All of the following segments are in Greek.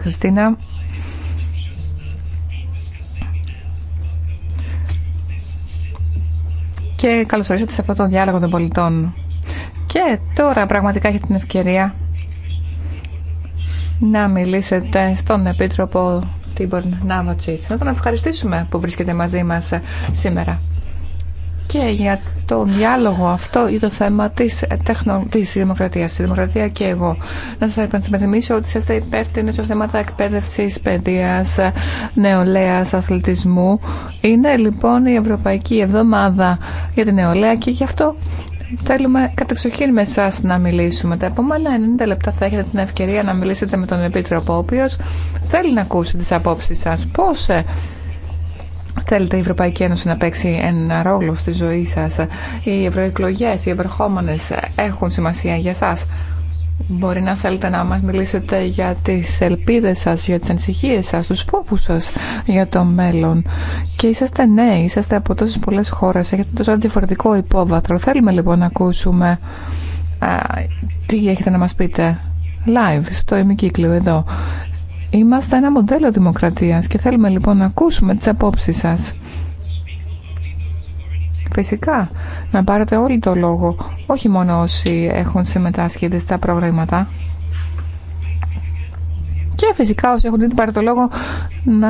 Χριστίνα. Και καλωσορίσατε σε αυτό το διάλογο των πολιτών. Και τώρα πραγματικά έχετε την ευκαιρία να μιλήσετε στον Επίτροπο Τίμπορν Νάβατσιτς. Να τον ευχαριστήσουμε που βρίσκεται μαζί μας σήμερα και για τον διάλογο αυτό ή το θέμα της, τέχνο, δημοκρατίας, τη δημοκρατία και εγώ. Να σας υπενθυμίσω ότι είστε υπεύθυνοι σε θέματα εκπαίδευσης, παιδείας, νεολαίας, αθλητισμού. Είναι λοιπόν η Ευρωπαϊκή Εβδομάδα για την νεολαία και γι' αυτό Θέλουμε κατεξοχήν με εσά να μιλήσουμε. Τα επόμενα 90 λεπτά θα έχετε την ευκαιρία να μιλήσετε με τον Επίτροπο, ο οποίο θέλει να ακούσει τι απόψει σα. Πώ ε, Θέλετε η Ευρωπαϊκή Ένωση να παίξει ένα ρόλο στη ζωή σας. Οι ευρωεκλογέ, οι ευερχόμενες έχουν σημασία για σας. Μπορεί να θέλετε να μας μιλήσετε για τις ελπίδες σας, για τις ανησυχίε σας, τους φόβους σας για το μέλλον. Και είσαστε νέοι, είσαστε από τόσες πολλές χώρες, έχετε τόσο διαφορετικό υπόβαθρο. Θέλουμε λοιπόν να ακούσουμε τι έχετε να μας πείτε live στο ημικύκλιο εδώ. Είμαστε ένα μοντέλο δημοκρατίας και θέλουμε λοιπόν να ακούσουμε τις απόψεις σας. Φυσικά, να πάρετε όλοι το λόγο, όχι μόνο όσοι έχουν συμμετάσχει στα προγράμματα και φυσικά όσοι έχουν ήδη πάρει το λόγο να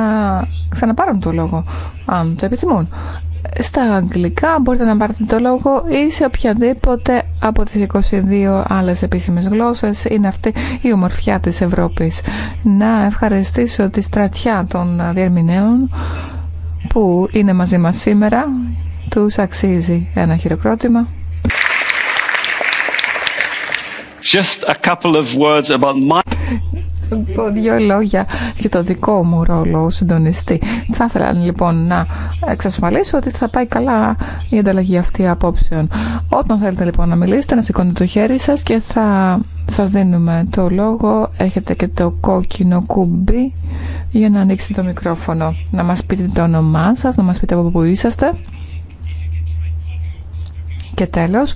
ξαναπάρουν το λόγο αν το επιθυμούν. Στα αγγλικά μπορείτε να πάρετε το λόγο ή σε οποιαδήποτε από τις 22 άλλες επίσημες γλώσσες είναι αυτή η ομορφιά της Ευρώπης. Να ευχαριστήσω τη στρατιά των διερμηνέων που είναι μαζί μας σήμερα. Τους αξίζει ένα χειροκρότημα. Just a couple of words about my πω δύο λόγια για το δικό μου ρόλο συντονιστή. Θα ήθελα λοιπόν να εξασφαλίσω ότι θα πάει καλά η ανταλλαγή αυτή απόψεων. Όταν θέλετε λοιπόν να μιλήσετε, να σηκώνετε το χέρι σα και θα σας δίνουμε το λόγο. Έχετε και το κόκκινο κουμπί για να ανοίξετε το μικρόφωνο. Να μας πείτε το όνομά σα, να μα πείτε από πού είσαστε. Και τέλος,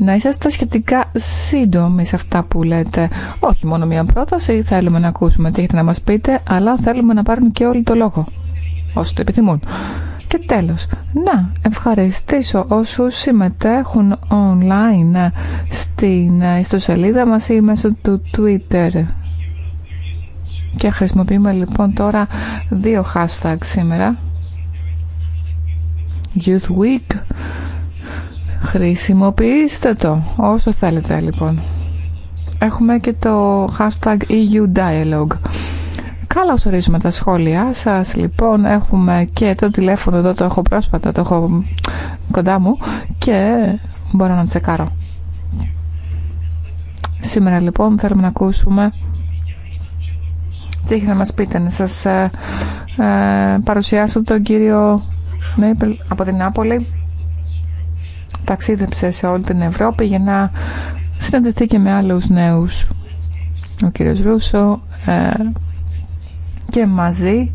να είσαστε σχετικά σύντομοι σε αυτά που λέτε. Όχι μόνο μία πρόταση, θέλουμε να ακούσουμε τι έχετε να μας πείτε, αλλά θέλουμε να πάρουν και όλοι το λόγο, όσοι το επιθυμούν. Και τέλος, να ευχαριστήσω όσους συμμετέχουν online στην ιστοσελίδα μας ή μέσω του Twitter. Και χρησιμοποιούμε λοιπόν τώρα δύο hashtags σήμερα. Youth Week Χρησιμοποιήστε το όσο θέλετε λοιπόν. Έχουμε και το hashtag EU Dialogue. Καλά ορίζουμε τα σχόλιά σας. Λοιπόν, έχουμε και το τηλέφωνο εδώ, το έχω πρόσφατα, το έχω κοντά μου και μπορώ να τσεκάρω. Σήμερα λοιπόν θέλουμε να ακούσουμε τι έχει να μας πείτε, να σας ε, ε, παρουσιάσω τον κύριο Μέιπελ από την Νάπολη ταξίδεψε σε όλη την Ευρώπη για να συναντηθεί και με άλλους νέους. Ο κύριος Ρούσο ε, και μαζί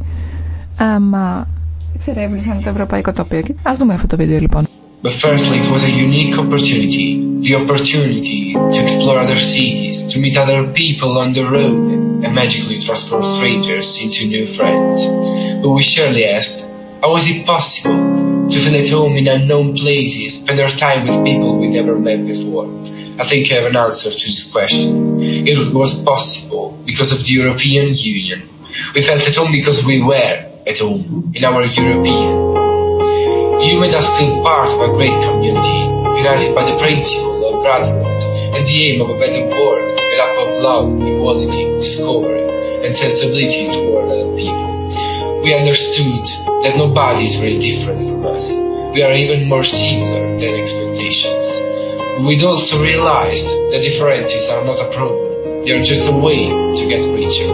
ε, μα εξερεύνησαν το ευρωπαϊκό τοπίο. και Ας δούμε αυτό το βίντεο λοιπόν. But firstly, it was a unique opportunity. The opportunity to explore other cities, to meet other people on the road, and magically transform strangers into new friends. But we surely asked, How was it possible to feel at home in unknown places, spend our time with people we never met before? I think I have an answer to this question. It was possible because of the European Union. We felt at home because we were at home in our European. You made us feel part of a great community, united by the principle of brotherhood and the aim of a better world, a lack of love, equality, discovery, and sensibility toward other people we understood that nobody is very different from us. We are even more similar than expectations. We'd also realize that differences are not a problem. They are just a way to get richer.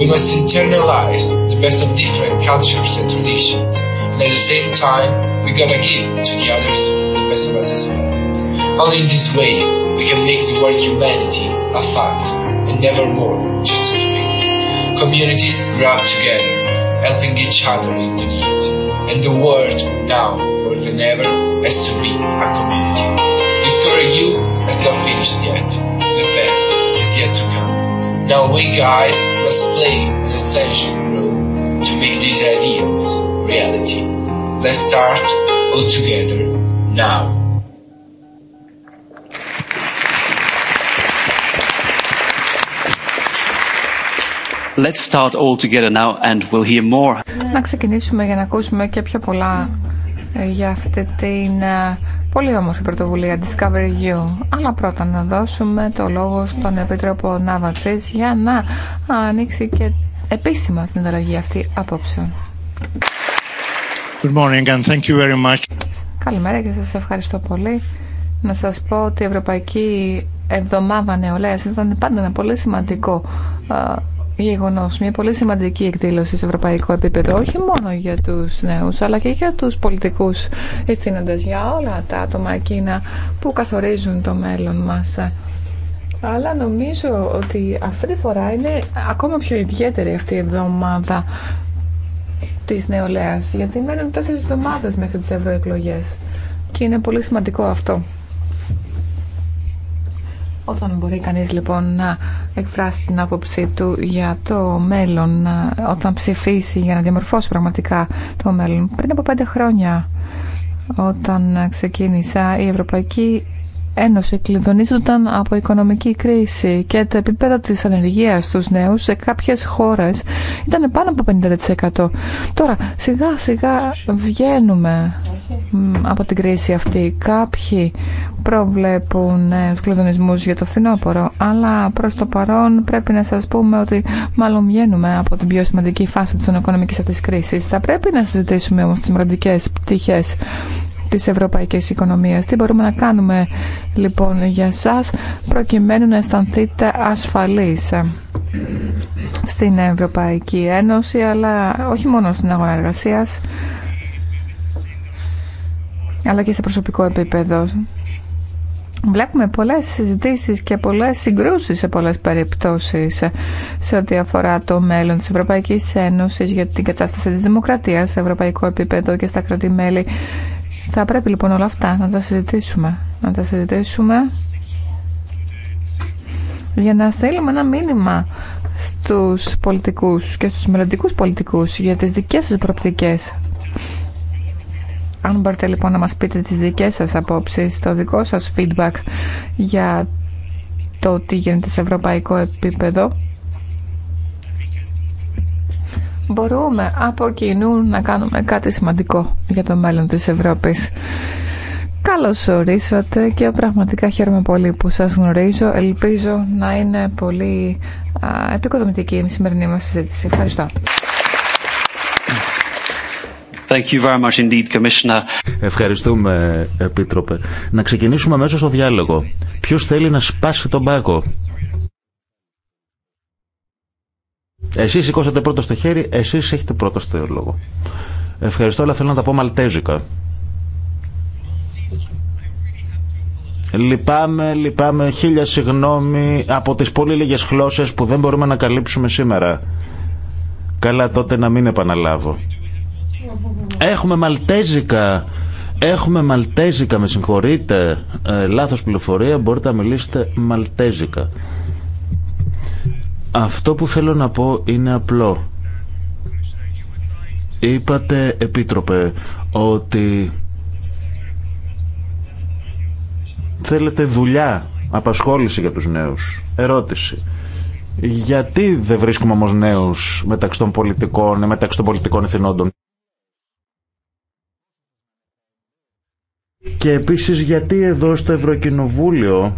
We must internalize the best of different cultures and traditions, and at the same time, we gotta give to the others the best of us as well. Only in this way, we can make the word humanity a fact, and never more just a dream. Communities grow up together helping each other in the need. And the world, now more than ever, has to be a community. Discover You has not finished yet. The best is yet to come. Now we guys must play an essential role to make these ideals reality. Let's start all together now. Να ξεκινήσουμε για να ακούσουμε και πιο πολλά για αυτή την ε, πολύ όμορφη πρωτοβουλία Discovery You. Αλλά πρώτα να δώσουμε το λόγο στον Επίτροπο Ναβατσίτς για να ανοίξει και επίσημα την ανταλλαγή αυτή απόψεων. Good morning and thank you very much. Καλημέρα και σας ευχαριστώ πολύ. Να σας πω ότι η Ευρωπαϊκή Εβδομάδα Νεολαίας ήταν πάντα ένα πολύ σημαντικό ε, γεγονό. Μια πολύ σημαντική εκδήλωση σε ευρωπαϊκό επίπεδο, όχι μόνο για του νέου, αλλά και για του πολιτικού ευθύνοντε, για όλα τα άτομα εκείνα που καθορίζουν το μέλλον μα. Αλλά νομίζω ότι αυτή τη φορά είναι ακόμα πιο ιδιαίτερη αυτή η εβδομάδα τη νεολαίας, γιατί μένουν τέσσερι εβδομάδε μέχρι τι ευρωεκλογέ. Και είναι πολύ σημαντικό αυτό. Όταν μπορεί κανείς λοιπόν να εκφράσει την άποψή του για το μέλλον, όταν ψηφίσει για να διαμορφώσει πραγματικά το μέλλον. Πριν από πέντε χρόνια, όταν ξεκίνησα, η Ευρωπαϊκή Ένωση κλειδονίζονταν από οικονομική κρίση και το επίπεδο της ανεργίας στους νέους σε κάποιες χώρες ήταν πάνω από 50%. Τώρα σιγά σιγά βγαίνουμε από την κρίση αυτή. Κάποιοι προβλέπουν νέους κλειδονισμούς για το φθινόπωρο αλλά προς το παρόν πρέπει να σας πούμε ότι μάλλον βγαίνουμε από την πιο σημαντική φάση της οικονομικής αυτής κρίσης. Θα πρέπει να συζητήσουμε όμως τις μεραντικές πτυχές της ευρωπαϊκής οικονομίας. Τι μπορούμε να κάνουμε λοιπόν για σας προκειμένου να αισθανθείτε ασφαλείς στην Ευρωπαϊκή Ένωση αλλά όχι μόνο στην αγορά εργασίας αλλά και σε προσωπικό επίπεδο. Βλέπουμε πολλές συζητήσεις και πολλές συγκρούσεις σε πολλές περιπτώσεις σε ό,τι αφορά το μέλλον της Ευρωπαϊκής Ένωσης για την κατάσταση της δημοκρατίας σε ευρωπαϊκό επίπεδο και στα κρατη θα πρέπει λοιπόν όλα αυτά να τα συζητήσουμε. Να τα συζητήσουμε για να θέλουμε ένα μήνυμα στους πολιτικούς και στους μελλοντικούς πολιτικούς για τις δικές σας προοπτικές. Αν μπορείτε λοιπόν να μας πείτε τις δικές σας απόψεις, το δικό σας feedback για το τι γίνεται σε ευρωπαϊκό επίπεδο μπορούμε από κοινού να κάνουμε κάτι σημαντικό για το μέλλον της Ευρώπης. Καλώς ορίσατε και πραγματικά χαίρομαι πολύ που σας γνωρίζω. Ελπίζω να είναι πολύ α, επικοδομητική η σημερινή μας συζήτηση. Ευχαριστώ. Thank you very much indeed, Commissioner. Ευχαριστούμε, Επίτροπε. Να ξεκινήσουμε μέσα στο διάλογο. Ποιος θέλει να σπάσει τον πάγο. Εσείς σηκώσατε πρώτο στο χέρι, εσείς έχετε πρώτο στο λόγο. Ευχαριστώ, αλλά θέλω να τα πω μαλτέζικα. Λυπάμαι, λυπάμαι, χίλια συγγνώμη από τις πολύ λίγες γλώσσε που δεν μπορούμε να καλύψουμε σήμερα. Καλά τότε να μην επαναλάβω. Έχουμε μαλτέζικα. Έχουμε μαλτέζικα, με συγχωρείτε. Ε, λάθος πληροφορία, μπορείτε να μιλήσετε μαλτέζικα. Αυτό που θέλω να πω είναι απλό. Είπατε, Επίτροπε, ότι θέλετε δουλειά, απασχόληση για τους νέους. Ερώτηση. Γιατί δεν βρίσκουμε όμως νέους μεταξύ των πολιτικών, μεταξύ των πολιτικών εθνόντων. Και επίσης γιατί εδώ στο Ευρωκοινοβούλιο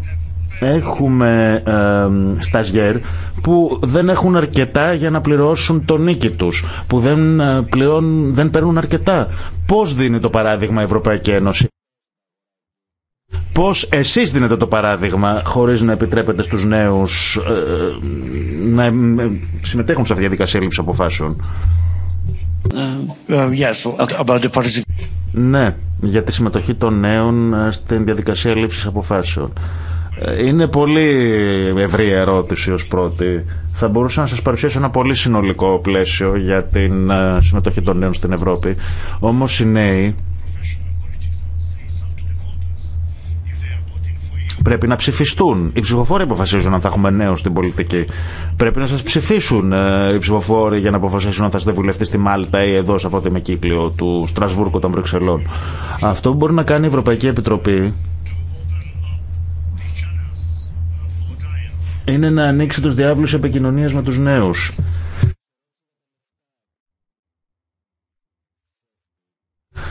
Έχουμε ε, σταζιέρ που δεν έχουν αρκετά για να πληρώσουν τον νίκη τους, που δεν, ε, πληρών, δεν παίρνουν αρκετά. Πώς δίνει το παράδειγμα η Ευρωπαϊκή Ένωση. Πώς εσείς δίνετε το παράδειγμα χωρίς να επιτρέπετε στους νέους ε, να ε, συμμετέχουν σε αυτή τη διαδικασία λήψη αποφάσεων. yes, ναι, για τη συμμετοχή των νέων στην διαδικασία λήψης αποφάσεων. Ε, είναι πολύ ευρή ερώτηση ως πρώτη. Θα μπορούσα να σας παρουσιάσω ένα πολύ συνολικό πλαίσιο για την ε, συμμετοχή των νέων στην Ευρώπη. Όμως οι νέοι πρέπει να ψηφιστούν. Οι ψηφοφόροι αποφασίζουν αν θα έχουμε νέο στην πολιτική. Πρέπει να σας ψηφίσουν ε, οι ψηφοφόροι για να αποφασίσουν αν θα είστε βουλευτή στη Μάλτα ή εδώ σε αυτό το μεκύκλιο του Στρασβούρκου των Βρυξελών. Αυτό που μπορεί να κάνει η Ευρωπαϊκή Επιτροπή είναι να ανοίξει τους διάβλους επικοινωνίας με τους νέους.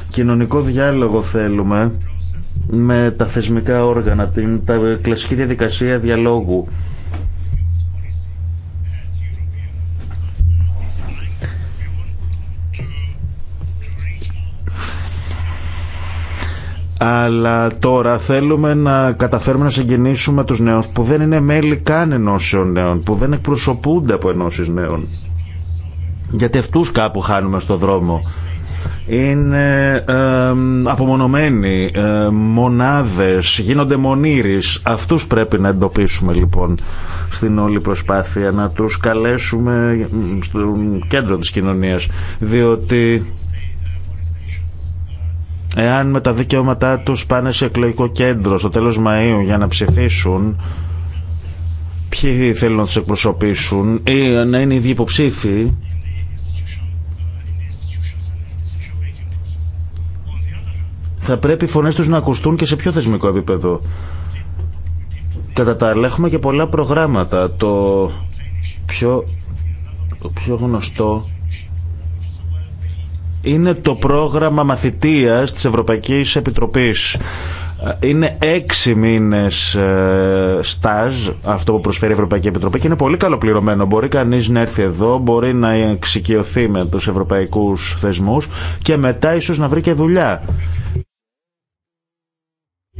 Κοινωνικό διάλογο θέλουμε με τα θεσμικά όργανα, την τα κλασική διαδικασία διαλόγου αλλά τώρα θέλουμε να καταφέρουμε να συγκινήσουμε τους νέους που δεν είναι μέλη καν ενώσεων νέων, που δεν εκπροσωπούνται από ενώσεις νέων. Γιατί αυτούς κάπου χάνουμε στο δρόμο. Είναι απομονωμένοι, ε, μονάδες, γίνονται μονήρις. Αυτούς πρέπει να εντοπίσουμε λοιπόν στην όλη προσπάθεια, να τους καλέσουμε στο κέντρο της κοινωνίας. Διότι Εάν με τα δικαιώματά τους πάνε σε εκλογικό κέντρο στο τέλος Μαΐου για να ψηφίσουν, ποιοι θέλουν να τους εκπροσωπήσουν ή να είναι οι υποψήφοι, θα πρέπει οι φωνές τους να ακουστούν και σε πιο θεσμικό επίπεδο. Κατά τα άλλα έχουμε και πολλά προγράμματα. Το πιο, το πιο γνωστό είναι το πρόγραμμα μαθητείας της Ευρωπαϊκής Επιτροπής. Είναι έξι μήνες ε, στάζ αυτό που προσφέρει η Ευρωπαϊκή Επιτροπή και είναι πολύ καλοπληρωμένο. Μπορεί κανείς να έρθει εδώ, μπορεί να εξοικειωθεί με τους ευρωπαϊκούς θεσμούς και μετά ίσως να βρει και δουλειά.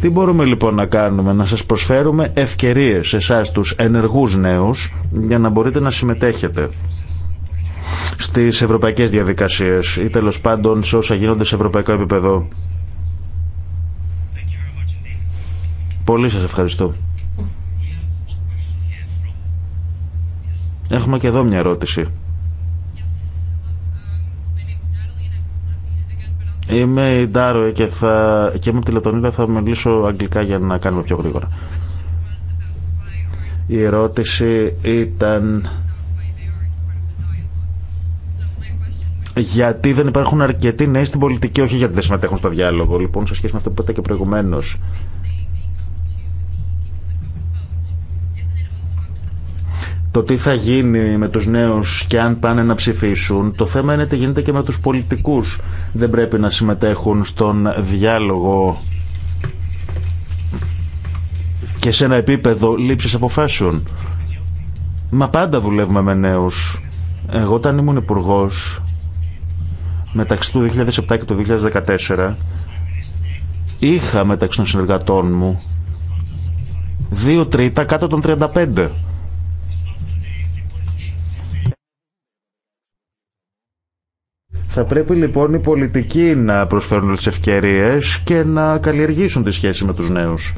Τι μπορούμε λοιπόν να κάνουμε, να σας προσφέρουμε ευκαιρίες εσάς τους ενεργούς νέους για να μπορείτε να συμμετέχετε στι ευρωπαϊκέ διαδικασίε ή τέλο πάντων σε όσα γίνονται σε ευρωπαϊκό επίπεδο. Πολύ σας ευχαριστώ. Έχουμε και εδώ μια ερώτηση. Είμαι η Ντάρο και, θα... και με τη θα μιλήσω αγγλικά για να κάνουμε πιο γρήγορα. Η ερώτηση ήταν γιατί δεν υπάρχουν αρκετοί νέοι στην πολιτική, όχι γιατί δεν συμμετέχουν στο διάλογο. Λοιπόν, σε σχέση με αυτό που είπατε και προηγουμένω, το τι θα γίνει με τους νέους και αν πάνε να ψηφίσουν. Το θέμα είναι τι γίνεται και με τους πολιτικούς. Δεν πρέπει να συμμετέχουν στον διάλογο και σε ένα επίπεδο λήψης αποφάσεων. Μα πάντα δουλεύουμε με νέους. Εγώ όταν ήμουν υπουργό μεταξύ του 2007 και του 2014 είχα μεταξύ των συνεργατών μου δύο τρίτα κάτω των 35. Θα πρέπει λοιπόν οι πολιτικοί να προσφέρουν τις ευκαιρίες και να καλλιεργήσουν τη σχέση με τους νέους.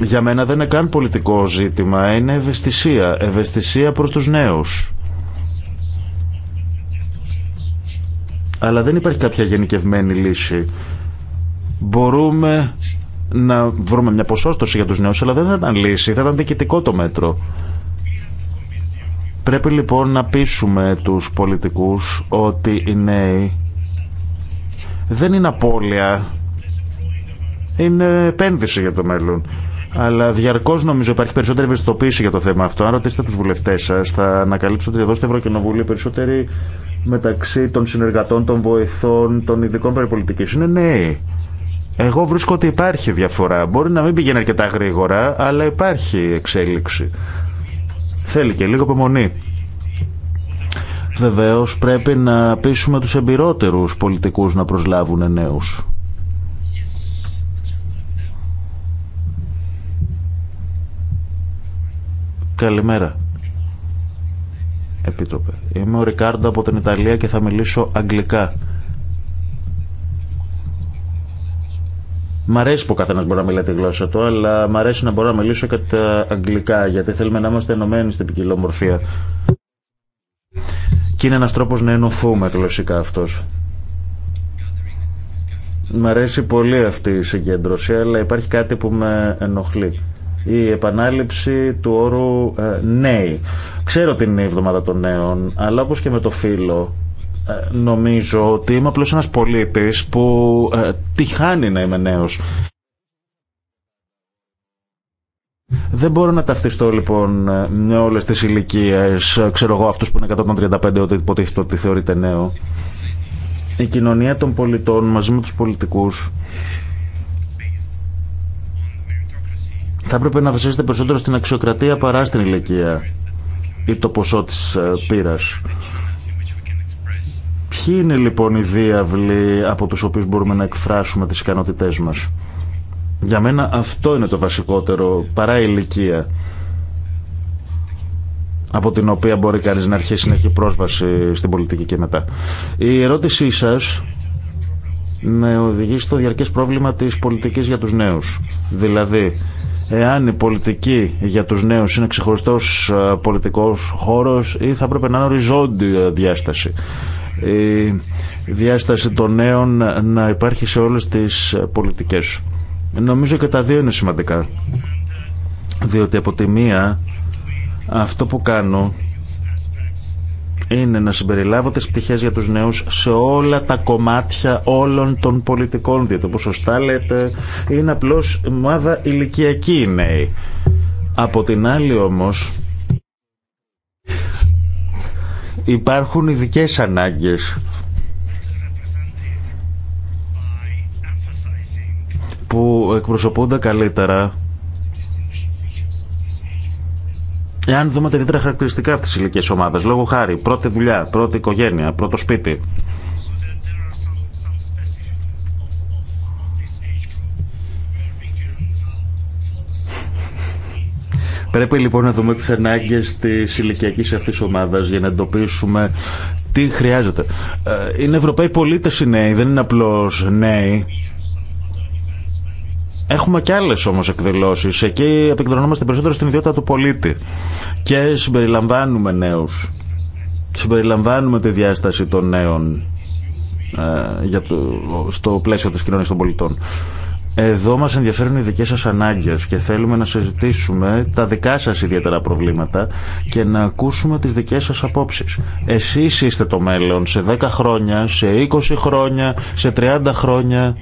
Για μένα δεν είναι καν πολιτικό ζήτημα, είναι ευαισθησία. Ευαισθησία προς τους νέους. αλλά δεν υπάρχει κάποια γενικευμένη λύση. Μπορούμε να βρούμε μια ποσόστοση για τους νέους, αλλά δεν θα ήταν λύση, θα ήταν διοικητικό το μέτρο. Πρέπει λοιπόν να πείσουμε τους πολιτικούς ότι οι νέοι δεν είναι απώλεια, είναι επένδυση για το μέλλον. Αλλά διαρκώ νομίζω υπάρχει περισσότερη ευαισθητοποίηση για το θέμα αυτό. Αν ρωτήσετε του βουλευτέ σα, θα ανακαλύψω ότι εδώ στο Ευρωκοινοβούλιο περισσότεροι μεταξύ των συνεργατών, των βοηθών, των ειδικών περιπολιτική. είναι νέοι. Εγώ βρίσκω ότι υπάρχει διαφορά. Μπορεί να μην πηγαίνει αρκετά γρήγορα, αλλά υπάρχει εξέλιξη. Θέλει και λίγο απομονή. Βεβαίω πρέπει να πείσουμε τους εμπειρότερους πολιτικούς να προσλάβουν νέου. Καλημέρα. Επίτροπε. Είμαι ο Ρικάρντο από την Ιταλία και θα μιλήσω αγγλικά. Μ' αρέσει που ο καθένα μπορεί να μιλάει τη γλώσσα του, αλλά μ' αρέσει να μπορώ να μιλήσω και τα αγγλικά, γιατί θέλουμε να είμαστε ενωμένοι στην ποικιλομορφία. Και είναι ένα τρόπο να ενωθούμε γλωσσικά αυτό. Μ' αρέσει πολύ αυτή η συγκέντρωση, αλλά υπάρχει κάτι που με ενοχλεί η επανάληψη του όρου ε, νέοι. Ξέρω την εβδομάδα των νέων, αλλά όπως και με το φίλο, ε, νομίζω ότι είμαι απλώς ένας πολίτης που ε, τυχάνει να είμαι νέος. Δεν μπορώ να ταυτιστώ λοιπόν με όλες τις ηλικίε, ξέρω εγώ αυτούς που είναι 135 ότι υποτίθεται ότι θεωρείται νέο. Η κοινωνία των πολιτών μαζί με τους πολιτικούς θα έπρεπε να βασίζεται περισσότερο στην αξιοκρατία παρά στην ηλικία ή το ποσό της ε, πείρας. Ποιοι είναι λοιπόν οι διάβλοι από τους οποίους μπορούμε να εκφράσουμε τις ικανότητές μας. Για μένα αυτό είναι το βασικότερο, παρά η ηλικία από την οποία μπορεί κανείς να αρχίσει να έχει πρόσβαση στην πολιτική και μετά. Η ερώτησή σας να οδηγήσει στο διαρκέ πρόβλημα τη πολιτική για τους νέου. Δηλαδή, εάν η πολιτική για τους νέου είναι ξεχωριστός ε, πολιτικός χώρο ή πρέπει να είναι οριζόντια διάσταση. Η διάσταση των νέων να υπάρχει σε όλες τις πολιτικές. Νομίζω και τα δύο είναι σημαντικά. Διότι από τη μία αυτό που κάνω είναι να συμπεριλάβω τις πτυχές για τους νέου σε όλα τα κομμάτια όλων των πολιτικών διότι όπω σωστά λέτε είναι απλώ ομάδα ηλικιακή οι νέοι. Από την άλλη όμω υπάρχουν ειδικέ ανάγκες που εκπροσωπούνται καλύτερα Εάν δούμε τα ιδιαίτερα χαρακτηριστικά αυτή τη ηλικία ομάδα, λόγω χάρη, πρώτη δουλειά, πρώτη οικογένεια, πρώτο σπίτι, Πρέπει λοιπόν να δούμε τις ανάγκες της ηλικιακή αυτής ομάδας για να εντοπίσουμε τι χρειάζεται. Ε, είναι Ευρωπαίοι πολίτες οι νέοι, δεν είναι απλώς νέοι. Έχουμε και άλλε όμω εκδηλώσει. Εκεί επικεντρωνόμαστε περισσότερο στην ιδιότητα του πολίτη. Και συμπεριλαμβάνουμε νέου. Συμπεριλαμβάνουμε τη διάσταση των νέων ε, για το, στο πλαίσιο τη κοινωνία των πολιτών. Εδώ μας ενδιαφέρουν οι δικές σας ανάγκες και θέλουμε να συζητήσουμε τα δικά σας ιδιαίτερα προβλήματα και να ακούσουμε τις δικές σας απόψεις. Εσείς είστε το μέλλον σε 10 χρόνια, σε 20 χρόνια, σε 30 χρόνια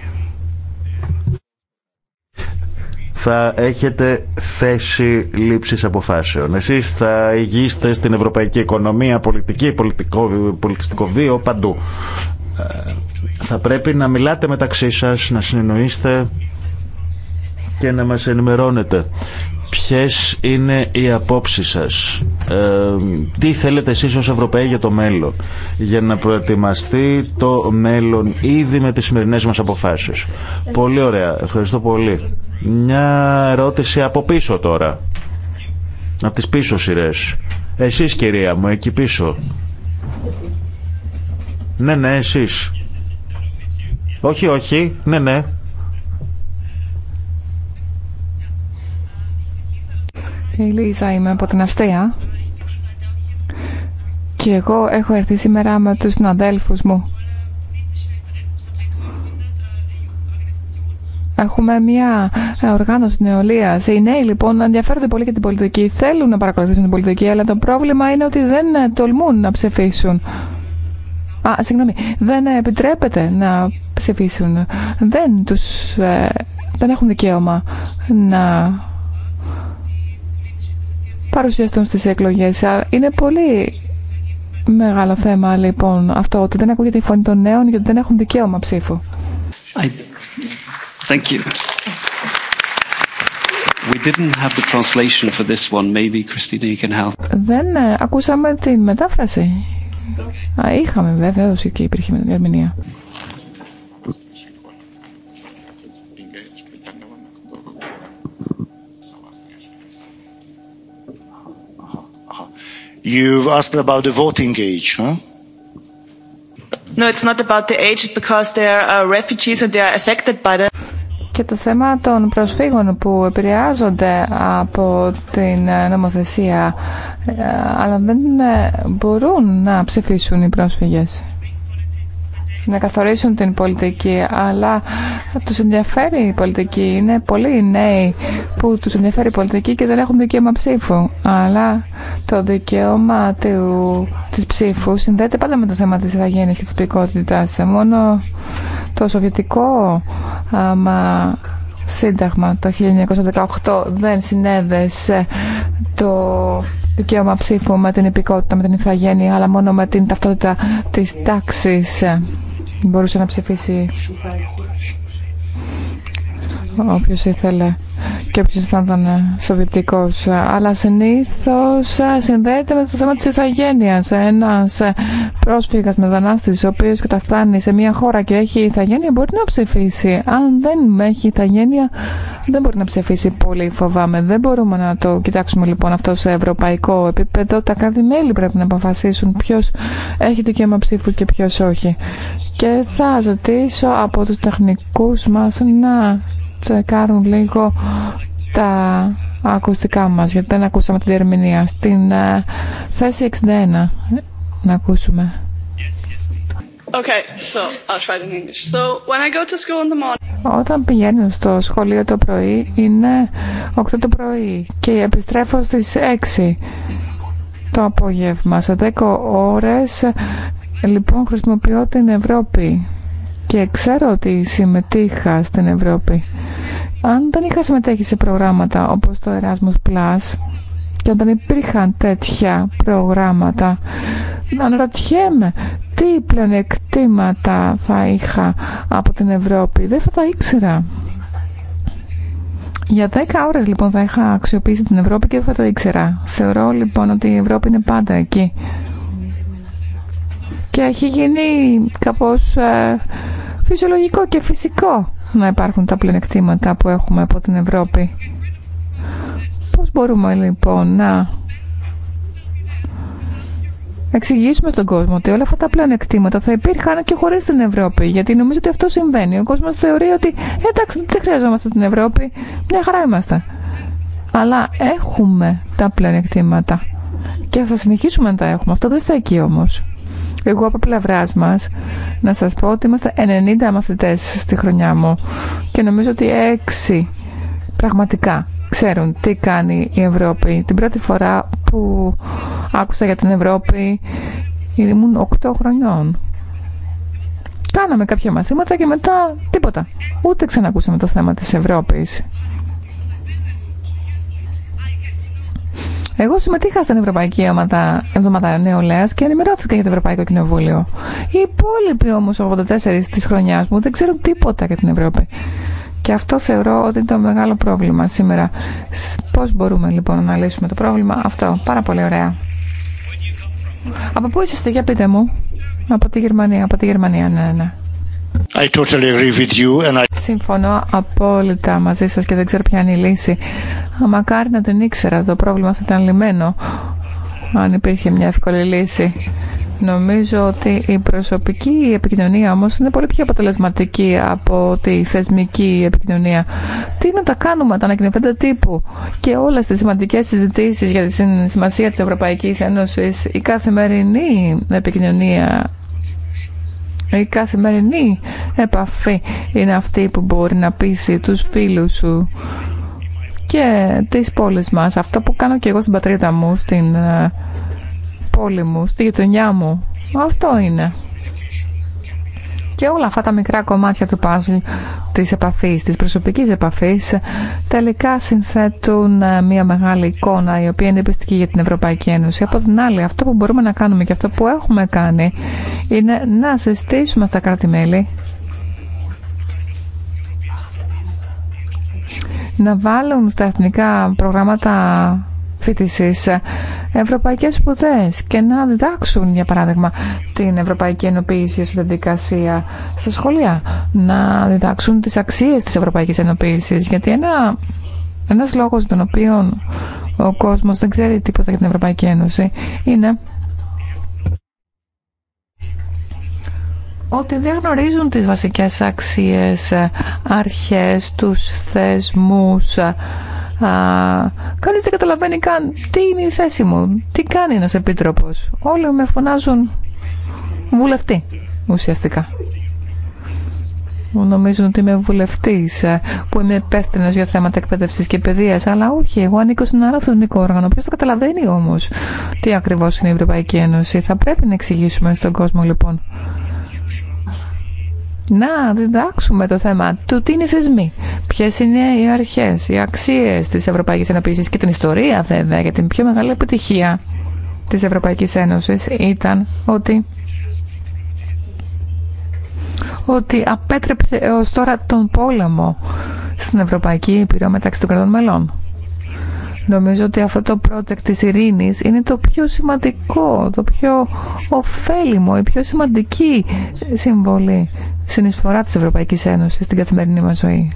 θα έχετε θέση λήψης αποφάσεων. Εσείς θα ηγείστε στην ευρωπαϊκή οικονομία, πολιτική, πολιτικό, πολιτιστικό βίο, παντού. Ε, θα πρέπει να μιλάτε μεταξύ σας, να συνεννοείστε και να μας ενημερώνετε ποιες είναι οι απόψεις σας ε, τι θέλετε εσείς ως Ευρωπαίοι για το μέλλον για να προετοιμαστεί το μέλλον ήδη με τις σημερινές μας αποφάσεις πολύ ωραία, ευχαριστώ πολύ μια ερώτηση από πίσω τώρα. Από τις πίσω σειρές. Εσείς κυρία μου, εκεί πίσω. Ναι, ναι, εσείς. Όχι, όχι, ναι, ναι. Η Λίζα είμαι από την Αυστρία. Και εγώ έχω έρθει σήμερα με τους συναδέλφους μου Έχουμε μια ε, οργάνωση νεολαία. Οι νέοι λοιπόν ενδιαφέρονται πολύ για την πολιτική, θέλουν να παρακολουθήσουν την πολιτική, αλλά το πρόβλημα είναι ότι δεν ε, τολμούν να ψηφίσουν. Α, συγγνώμη, δεν επιτρέπεται να ψηφίσουν. Δεν, τους, ε, δεν έχουν δικαίωμα να παρουσιαστούν στις εκλογές. Είναι πολύ μεγάλο θέμα λοιπόν αυτό, ότι δεν ακούγεται η φωνή των νέων γιατί δεν έχουν δικαίωμα ψήφου. Thank you. We didn't have the translation for this one. Maybe Christina you can help. Δεν ακούσαμε την μετάφραση. Α, είχαμε βέβαια, και υπήρχε με την ερμηνεία. You've asked about the voting age, huh? No, it's not about the age because they are refugees and they are affected by the και το θέμα των προσφύγων που επηρεάζονται από την ε, νομοθεσία ε, αλλά δεν ε, μπορούν να ψηφίσουν οι πρόσφυγες να καθορίσουν την πολιτική, αλλά τους ενδιαφέρει η πολιτική. Είναι πολλοί νέοι που τους ενδιαφέρει η πολιτική και δεν έχουν δικαίωμα ψήφου. Αλλά το δικαίωμα του, της ψήφου συνδέεται πάντα με το θέμα της ηθαγένειας και της ποιότητας. Μόνο το σοβιετικό αμα, Σύνταγμα το 1918 δεν συνέδεσε το δικαίωμα ψήφου με την υπηκότητα, με την ηθαγένεια, αλλά μόνο με την ταυτότητα της τάξης μπορούσε να ψηφίσει όποιος ήθελε και όποιος ήταν σοβιτικός. Αλλά συνήθως ε, συνδέεται με το θέμα της ηθαγένειας. Ένας ε, πρόσφυγας μετανάστης, ο οποίος καταφτάνει σε μια χώρα και έχει ηθαγένεια, μπορεί να ψηφίσει. Αν δεν έχει ηθαγένεια, δεν μπορεί να ψηφίσει πολύ, φοβάμαι. Δεν μπορούμε να το κοιτάξουμε λοιπόν αυτό σε ευρωπαϊκό επίπεδο. Τα κάθε μελη πρέπει να αποφασίσουν ποιο έχει δικαίωμα ψήφου και ποιο όχι. Και θα ζητήσω από τους τεχνικούς μας να τσεκάρουν λίγο τα ακουστικά μας, γιατί δεν ακούσαμε την ερμηνεία. Στην uh, θέση 61 να ακούσουμε. Okay, so I'll try in English. So when I go to school in the morning... Όταν πηγαίνω στο σχολείο το πρωί είναι 8 το πρωί και επιστρέφω στις 6 το απόγευμα. Σε 10 ώρες λοιπόν χρησιμοποιώ την Ευρώπη και ξέρω ότι συμμετείχα στην Ευρώπη. Αν δεν είχα συμμετέχει σε προγράμματα όπως το Erasmus Plus και αν δεν υπήρχαν τέτοια προγράμματα, αναρωτιέμαι τι πλεονεκτήματα θα είχα από την Ευρώπη. Δεν θα τα ήξερα. Για 10 ώρες λοιπόν θα είχα αξιοποιήσει την Ευρώπη και δεν θα το ήξερα. Θεωρώ λοιπόν ότι η Ευρώπη είναι πάντα εκεί και έχει γίνει κάπως ε, φυσιολογικό και φυσικό να υπάρχουν τα πλενεκτήματα που έχουμε από την Ευρώπη. Πώς μπορούμε λοιπόν να εξηγήσουμε στον κόσμο ότι όλα αυτά τα πλεονεκτήματα θα υπήρχαν και χωρίς την Ευρώπη. Γιατί νομίζω ότι αυτό συμβαίνει. Ο κόσμος θεωρεί ότι «Ε, εντάξει, δεν χρειαζόμαστε την Ευρώπη. Μια χαρά είμαστε. Αλλά έχουμε τα πλεονεκτήματα. Και θα συνεχίσουμε να τα έχουμε. Αυτό δεν εκεί όμως. Εγώ από πλευρά μα να σα πω ότι είμαστε 90 μαθητέ στη χρονιά μου και νομίζω ότι 6 πραγματικά ξέρουν τι κάνει η Ευρώπη. Την πρώτη φορά που άκουσα για την Ευρώπη ήμουν 8 χρονιών. Κάναμε κάποια μαθήματα και μετά τίποτα. Ούτε ξανακούσαμε το θέμα της Ευρώπης. Εγώ συμμετείχα στην Ευρωπαϊκή Ομάδα Εβδομάδα Νεολαία και ενημερώθηκα για το Ευρωπαϊκό Κοινοβούλιο. Οι υπόλοιποι όμω 84 τη χρονιά μου δεν ξέρουν τίποτα για την Ευρώπη. Και αυτό θεωρώ ότι είναι το μεγάλο πρόβλημα σήμερα. Πώ μπορούμε λοιπόν να λύσουμε το πρόβλημα αυτό. Πάρα πολύ ωραία. Από πού είσαστε, για πείτε μου. Από τη Γερμανία, από τη Γερμανία, ναι, ναι. ναι. I totally agree with you and I... Συμφωνώ απόλυτα μαζί σας και δεν ξέρω ποια είναι η λύση. Μακάρι να την ήξερα, το πρόβλημα θα ήταν λυμένο αν υπήρχε μια εύκολη λύση. Νομίζω ότι η προσωπική επικοινωνία όμως είναι πολύ πιο αποτελεσματική από τη θεσμική επικοινωνία. Τι να τα κάνουμε, τα ανακοινωθέντα τύπου και όλες τις σημαντικές συζητήσεις για τη σημασία της Ευρωπαϊκής Ένωσης, η καθημερινή επικοινωνία η καθημερινή επαφή είναι αυτή που μπορεί να πείσει τους φίλους σου και τις πόλεις μας. Αυτό που κάνω και εγώ στην πατρίδα μου, στην ε, πόλη μου, στη γειτονιά μου. Αυτό είναι. Και όλα αυτά τα μικρά κομμάτια του παζλ της επαφής, της προσωπικής επαφής τελικά συνθέτουν ε, μια μεγάλη εικόνα η οποία είναι πιστική για την Ευρωπαϊκή Ένωση. Από την άλλη, αυτό που μπορούμε να κάνουμε και αυτό που έχουμε κάνει είναι να συστήσουμε στα κράτη-μέλη να βάλουν στα εθνικά προγράμματα Ευρωπαϊκέ ευρωπαϊκές σπουδέ και να διδάξουν, για παράδειγμα, την ευρωπαϊκή ενοποίηση ω διαδικασία στα σχολεία, να διδάξουν τι αξίε τη Ευρωπαϊκή ενοποίηση. γιατί ένα, ένας λόγος τον οποίο ο κόσμος δεν ξέρει τίποτα για την Ευρωπαϊκή Ένωση είναι ότι δεν γνωρίζουν τις βασικές αξίες, αρχές, τους θεσμούς, κανείς δεν καταλαβαίνει καν τι είναι η θέση μου, τι κάνει ένας επίτροπος. Όλοι με φωνάζουν βουλευτή ουσιαστικά. Νομίζουν ότι είμαι βουλευτή ε, που είμαι υπεύθυνο για θέματα εκπαίδευση και παιδεία. Αλλά όχι, εγώ ανήκω σε ένα άλλο θεσμικό όργανο. Ποιο το καταλαβαίνει όμω τι ακριβώ είναι η Ευρωπαϊκή Ένωση. Θα πρέπει να εξηγήσουμε στον κόσμο λοιπόν να διδάξουμε το θέμα του τι είναι θεσμοί, ποιε είναι οι αρχέ, οι αξίε τη Ευρωπαϊκή Ένωσης και την ιστορία βέβαια, για την πιο μεγάλη επιτυχία της Ευρωπαϊκής Ένωσης ήταν ότι ότι απέτρεψε έως τώρα τον πόλεμο στην Ευρωπαϊκή Ήπειρο μεταξύ των κρατών μελών. Νομίζω ότι αυτό το project της ειρήνης είναι το πιο σημαντικό, το πιο ωφέλιμο, η πιο σημαντική συμβολή συνεισφορά της Ευρωπαϊκής Ένωσης στην καθημερινή μας ζωή.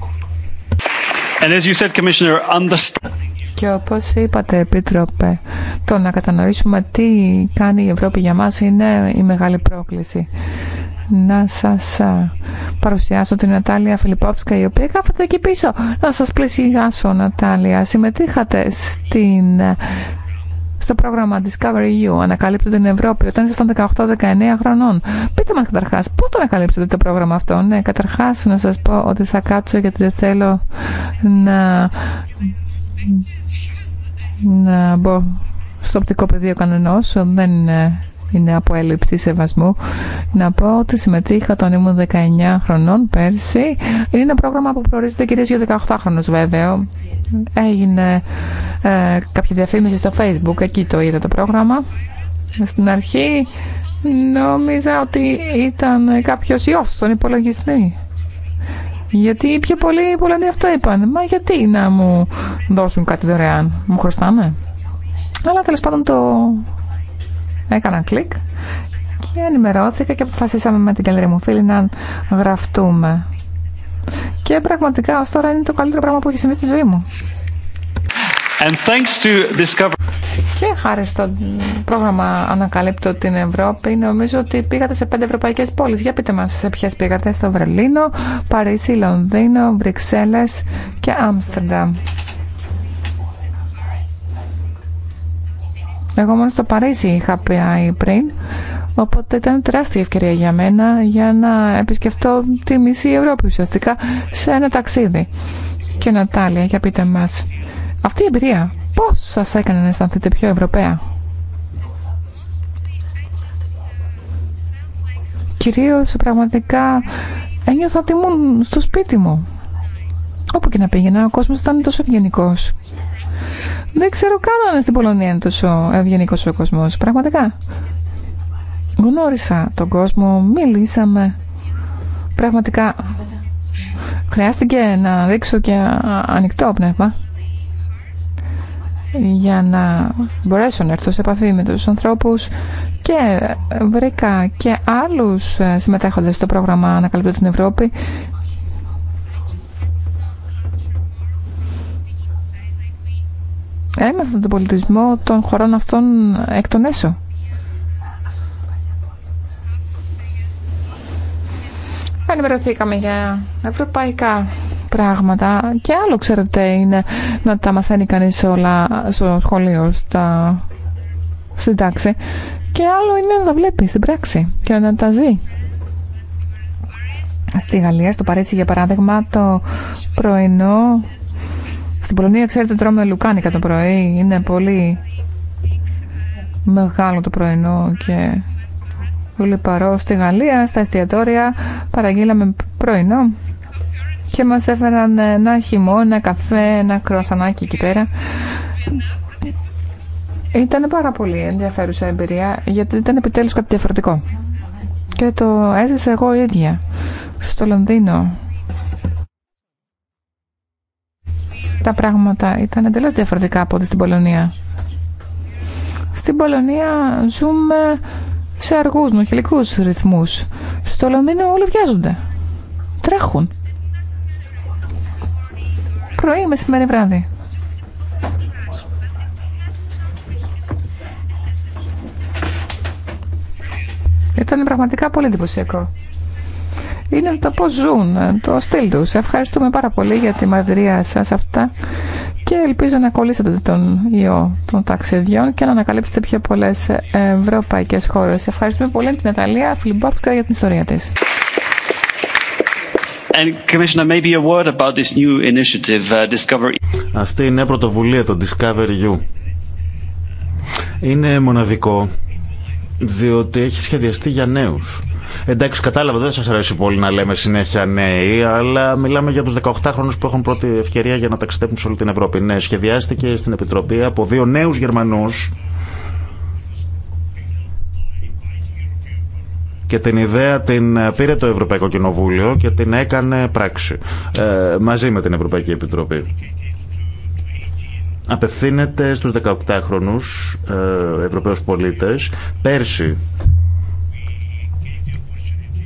And as you said, Commissioner, και όπως είπατε, Επίτροπε, το να κατανοήσουμε τι κάνει η Ευρώπη για μας είναι η μεγάλη πρόκληση να σας παρουσιάσω την Νατάλια Φιλιππόφσκα η οποία κάθεται εκεί πίσω. Να σας πλησιάσω Νατάλια. Συμμετείχατε ε, στο πρόγραμμα Discovery U Ανακαλύπτω την Ευρώπη όταν ήσασταν 18-19 χρονών. Πείτε μας καταρχάς πώς το ανακαλύψετε το πρόγραμμα αυτό. Ναι, καταρχάς να σας πω ότι θα κάτσω γιατί δεν θέλω να, να μπω στο οπτικό πεδίο κανενός. Δεν ε, είναι από έλλειψη σεβασμού. Να πω ότι συμμετείχα όταν ήμουν 19 χρονών πέρσι. Είναι ένα πρόγραμμα που προορίζεται κυρίω για 18 χρονούς βέβαια. Έγινε ε, κάποια διαφήμιση στο facebook, εκεί το είδα το πρόγραμμα. Στην αρχή νόμιζα ότι ήταν κάποιο ιό στον υπολογιστή. Γιατί πιο πολλοί Πολωνοί αυτό είπαν. Μα γιατί να μου δώσουν κάτι δωρεάν, μου χρωστάνε. Αλλά τέλο πάντων το Έκανα κλικ και ενημερώθηκα και αποφασίσαμε με την καλύτερη μου φίλη να γραφτούμε. Και πραγματικά ως τώρα είναι το καλύτερο πράγμα που έχει συμβεί στη ζωή μου. And thanks to discover... Και χάρη στο πρόγραμμα Ανακαλύπτω την Ευρώπη, νομίζω ότι πήγατε σε πέντε ευρωπαϊκέ πόλει. Για πείτε μα, σε ποιε πήγατε, στο Βερολίνο, Παρίσι, Λονδίνο, Βρυξέλλε και Άμστερνταμ. Εγώ μόνο στο Παρίσι είχα πει πριν, οπότε ήταν τεράστια ευκαιρία για μένα για να επισκεφτώ τη μισή Ευρώπη ουσιαστικά σε ένα ταξίδι. Και Νατάλια, για πείτε μας, αυτή η εμπειρία πώς σας έκανε να αισθανθείτε πιο Ευρωπαία. Κυρίως πραγματικά ένιωθα ότι ήμουν στο σπίτι μου. Όπου και να πήγαινα, ο κόσμος ήταν τόσο ευγενικός. Δεν ξέρω καν αν στην Πολωνία είναι τόσο ευγενικό ο κόσμο. Πραγματικά. Γνώρισα τον κόσμο, μιλήσαμε. Πραγματικά. Χρειάστηκε να δείξω και ανοιχτό πνεύμα για να μπορέσω να έρθω σε επαφή με τους ανθρώπους και βρήκα και άλλους ε, συμμετέχοντες στο πρόγραμμα Ανακαλύπτω την Ευρώπη έμαθαν τον πολιτισμό των χωρών αυτών εκ των έσω. Ενημερωθήκαμε για ευρωπαϊκά πράγματα και άλλο ξέρετε είναι να τα μαθαίνει κανείς όλα στο σχολείο, στα... στην τάξη και άλλο είναι να τα βλέπει στην πράξη και να τα ζει. Στη Γαλλία, στο Παρίσι για παράδειγμα, το πρωινό στην Πολωνία, ξέρετε, τρώμε λουκάνικα το πρωί. Είναι πολύ μεγάλο το πρωινό και πολύ παρό. Στη Γαλλία, στα εστιατόρια, παραγγείλαμε πρωινό και μας έφεραν ένα χειμώνα, καφέ, ένα κροασανάκι εκεί πέρα. Ήταν πάρα πολύ ενδιαφέρουσα εμπειρία γιατί ήταν επιτέλους κάτι διαφορετικό. Και το έζησα εγώ ίδια στο Λονδίνο τα πράγματα ήταν εντελώς διαφορετικά από ό,τι στην Πολωνία. Στην Πολωνία ζούμε σε αργούς νοχελικούς ρυθμούς. Στο Λονδίνο όλοι βιάζονται. Τρέχουν. Πρωί, μεσημέρι, βράδυ. Ήταν πραγματικά πολύ εντυπωσιακό είναι το πώς ζουν, το στυλ του. Ευχαριστούμε πάρα πολύ για τη μαδρία σας αυτά και ελπίζω να κολλήσετε τον ιό των ταξιδιών και να ανακαλύψετε πιο πολλές ευρωπαϊκές χώρες. Ευχαριστούμε πολύ την Αταλία Φλιμπόφτκα για την ιστορία της. Uh, Αυτή είναι πρωτοβουλία το Discover You. Είναι μοναδικό διότι έχει σχεδιαστεί για νέους Εντάξει, κατάλαβα, δεν σα αρέσει πολύ να λέμε συνέχεια νέοι, αλλά μιλάμε για του 18χρονου που έχουν πρώτη ευκαιρία για να ταξιδέψουν σε όλη την Ευρώπη. Ναι, σχεδιάστηκε στην Επιτροπή από δύο νέου Γερμανού και την ιδέα την πήρε το Ευρωπαϊκό Κοινοβούλιο και την έκανε πράξη ε, μαζί με την Ευρωπαϊκή Επιτροπή. Απευθύνεται στους 18χρονους ε, Ευρωπαίους πολίτες. Πέρσι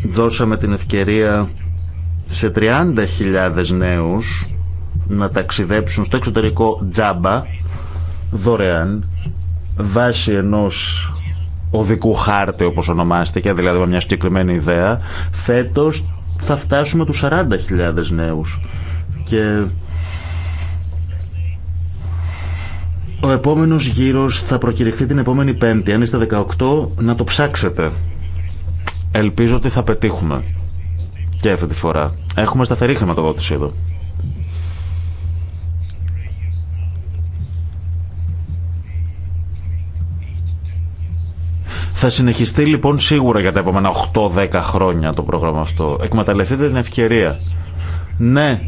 δώσαμε την ευκαιρία σε 30.000 νέους να ταξιδέψουν στο εξωτερικό τζάμπα δωρεάν βάσει ενός οδικού χάρτη όπως ονομάστηκε δηλαδή με μια συγκεκριμένη ιδέα φέτος θα φτάσουμε τους 40.000 νέους και ο επόμενος γύρος θα προκηρυχθεί την επόμενη πέμπτη αν είστε 18 να το ψάξετε Ελπίζω ότι θα πετύχουμε και αυτή τη φορά. Έχουμε σταθερή χρηματοδότηση εδώ. Θα συνεχιστεί λοιπόν σίγουρα για τα επόμενα 8-10 χρόνια το πρόγραμμα αυτό. Εκμεταλλευτείτε την ευκαιρία. Ναι,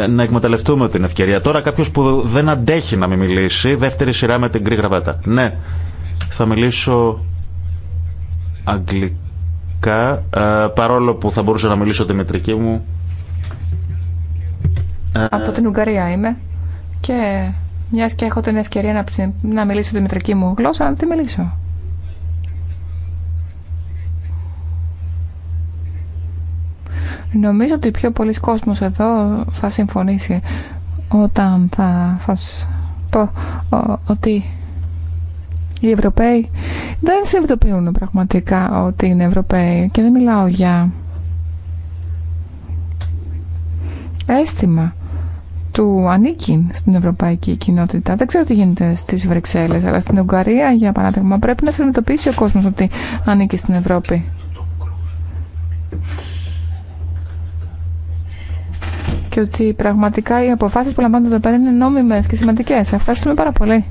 ε, να εκμεταλλευτούμε την ευκαιρία. Τώρα κάποιος που δεν αντέχει να μην μιλήσει, δεύτερη σειρά με την γκρι γραβέτα. Ναι, θα μιλήσω αγγλικά ε, παρόλο που θα μπορούσα να μιλήσω τη μετρική μου. Ε, Από την Ουγγαρία είμαι και μια και έχω την ευκαιρία να, μιλήσω τη μετρική μου γλώσσα, να τη μιλήσω. Νομίζω ότι πιο πολλοί κόσμος εδώ θα συμφωνήσει όταν θα σας πω ότι οι Ευρωπαίοι δεν συνειδητοποιούν πραγματικά ότι είναι Ευρωπαίοι και δεν μιλάω για αίσθημα του ανήκει στην ευρωπαϊκή κοινότητα. Δεν ξέρω τι γίνεται στις Βρυξέλλες, αλλά στην Ουγγαρία, για παράδειγμα, πρέπει να συνειδητοποιήσει ο κόσμο ότι ανήκει στην Ευρώπη. Και ότι πραγματικά οι αποφάσεις που λαμβάνονται εδώ πέρα είναι νόμιμες και σημαντικές. Ευχαριστούμε πάρα πολύ.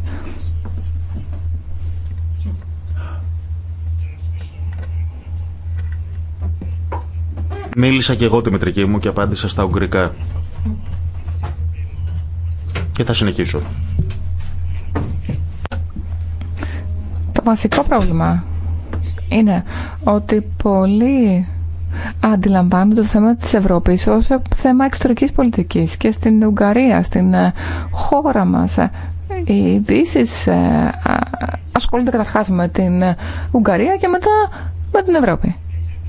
Μίλησα και εγώ τη μετρική μου και απάντησα στα ουγγρικά. Και θα συνεχίσω. Το βασικό πρόβλημα είναι ότι πολύ αντιλαμβάνονται το θέμα της Ευρώπης ως θέμα εξωτερικής πολιτικής και στην Ουγγαρία, στην ε, χώρα μας ε, οι ειδήσει ε, ασχολούνται καταρχάς με την Ουγγαρία και μετά με την Ευρώπη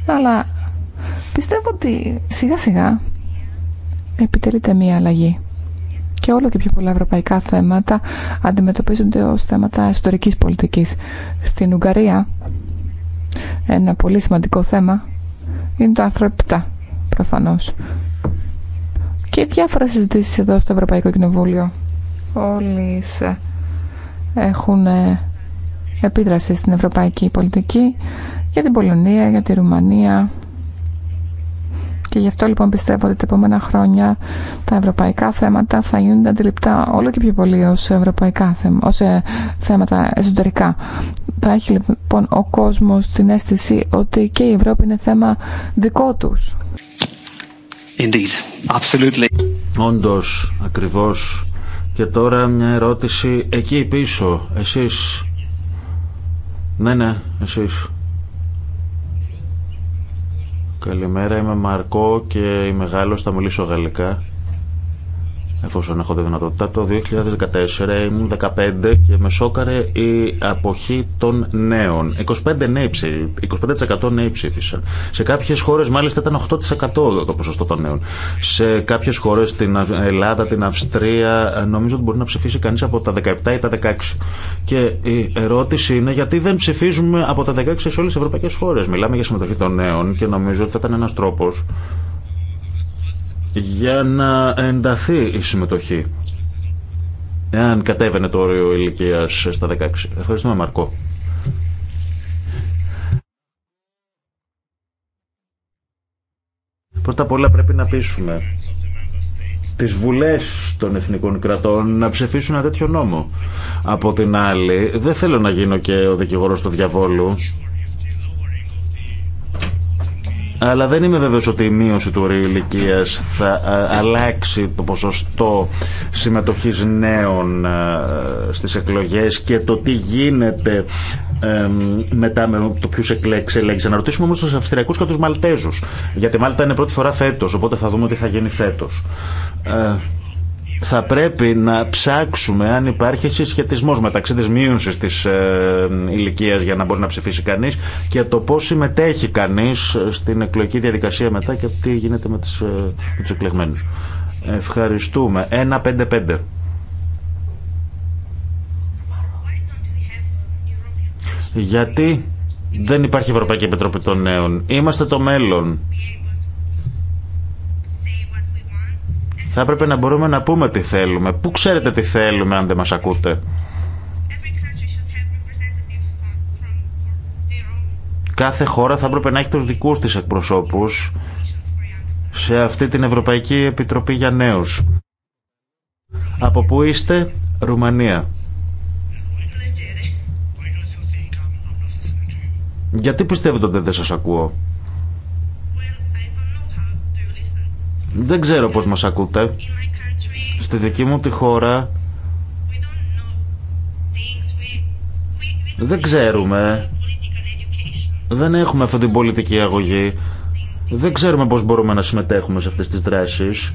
αλλά Πιστεύω ότι σιγά σιγά επιτελείται μία αλλαγή και όλο και πιο πολλά ευρωπαϊκά θέματα αντιμετωπίζονται ως θέματα ιστορικής πολιτικής. Στην Ουγγαρία ένα πολύ σημαντικό θέμα είναι το άρθρο 7 προφανώς και διάφορα συζητήσει εδώ στο Ευρωπαϊκό Κοινοβούλιο όλοι έχουν ε, επίδραση στην ευρωπαϊκή πολιτική για την Πολωνία, για τη Ρουμανία και γι' αυτό λοιπόν πιστεύω ότι τα επόμενα χρόνια τα ευρωπαϊκά θέματα θα γίνονται αντιληπτά όλο και πιο πολύ ω ευρωπαϊκά θέματα, ως ε, θέματα εσωτερικά. Θα έχει λοιπόν ο κόσμος την αίσθηση ότι και η Ευρώπη είναι θέμα δικό τους. Indeed. Absolutely. ακριβώς. Και τώρα μια ερώτηση εκεί πίσω. Εσείς. Ναι, ναι, εσείς. Καλημέρα, είμαι Μαρκό και είμαι Γάλλος, θα μιλήσω γαλλικά εφόσον έχω τη δυνατότητα. Το 2014 ήμουν 15 και με σόκαρε η αποχή των νέων. 25% νέοι, 25% νέοι ψήφισαν. Σε κάποιες χώρες μάλιστα ήταν 8% το ποσοστό των νέων. Σε κάποιες χώρες, στην Ελλάδα, την Αυστρία, νομίζω ότι μπορεί να ψηφίσει κανείς από τα 17 ή τα 16. Και η ερώτηση είναι γιατί δεν ψηφίζουμε από τα 16 σε όλες τις ευρωπαϊκές χώρες. Μιλάμε για συμμετοχή των νέων και νομίζω ότι θα ήταν ένας τρόπος για να ενταθεί η συμμετοχή εάν κατέβαινε το όριο ηλικία στα 16. Ευχαριστούμε Μαρκό. Πρώτα απ' όλα πρέπει να πείσουμε τις βουλές των εθνικών κρατών να ψεφίσουν ένα τέτοιο νόμο. Από την άλλη, δεν θέλω να γίνω και ο δικηγόρος του διαβόλου, αλλά δεν είμαι βέβαιος ότι η μείωση του ωρίου ηλικία θα ε, αλλάξει το ποσοστό συμμετοχής νέων ε, στις εκλογές και το τι γίνεται ε, μετά με το ποιους εκλέξει. Να ρωτήσουμε όμως τους Αυστριακούς και τους Μαλτέζους, γιατί Μάλτα είναι πρώτη φορά φέτος, οπότε θα δούμε τι θα γίνει φέτος θα πρέπει να ψάξουμε αν υπάρχει συσχετισμό μεταξύ τη μείωση τη ε, ηλικία για να μπορεί να ψηφίσει κανεί και το πώ συμμετέχει κανεί στην εκλογική διαδικασία μετά και τι γίνεται με, τις, ε, με του εκλεγμένου. Ευχαριστούμε. 1-5-5. Γιατί δεν υπάρχει Ευρωπαϊκή Επιτροπή των Νέων. Είμαστε το μέλλον. Θα έπρεπε να μπορούμε να πούμε τι θέλουμε. Πού ξέρετε τι θέλουμε αν δεν μας ακούτε. Κάθε χώρα θα έπρεπε να έχει τους δικούς της εκπροσώπους σε αυτή την Ευρωπαϊκή Επιτροπή για Νέους. Από πού είστε, Ρουμανία. Γιατί πιστεύετε ότι δεν σας ακούω. Δεν ξέρω πώς μας ακούτε. Στη δική μου τη χώρα δεν ξέρουμε. Δεν έχουμε αυτή την πολιτική αγωγή. Δεν ξέρουμε πώς μπορούμε να συμμετέχουμε σε αυτές τις δράσεις.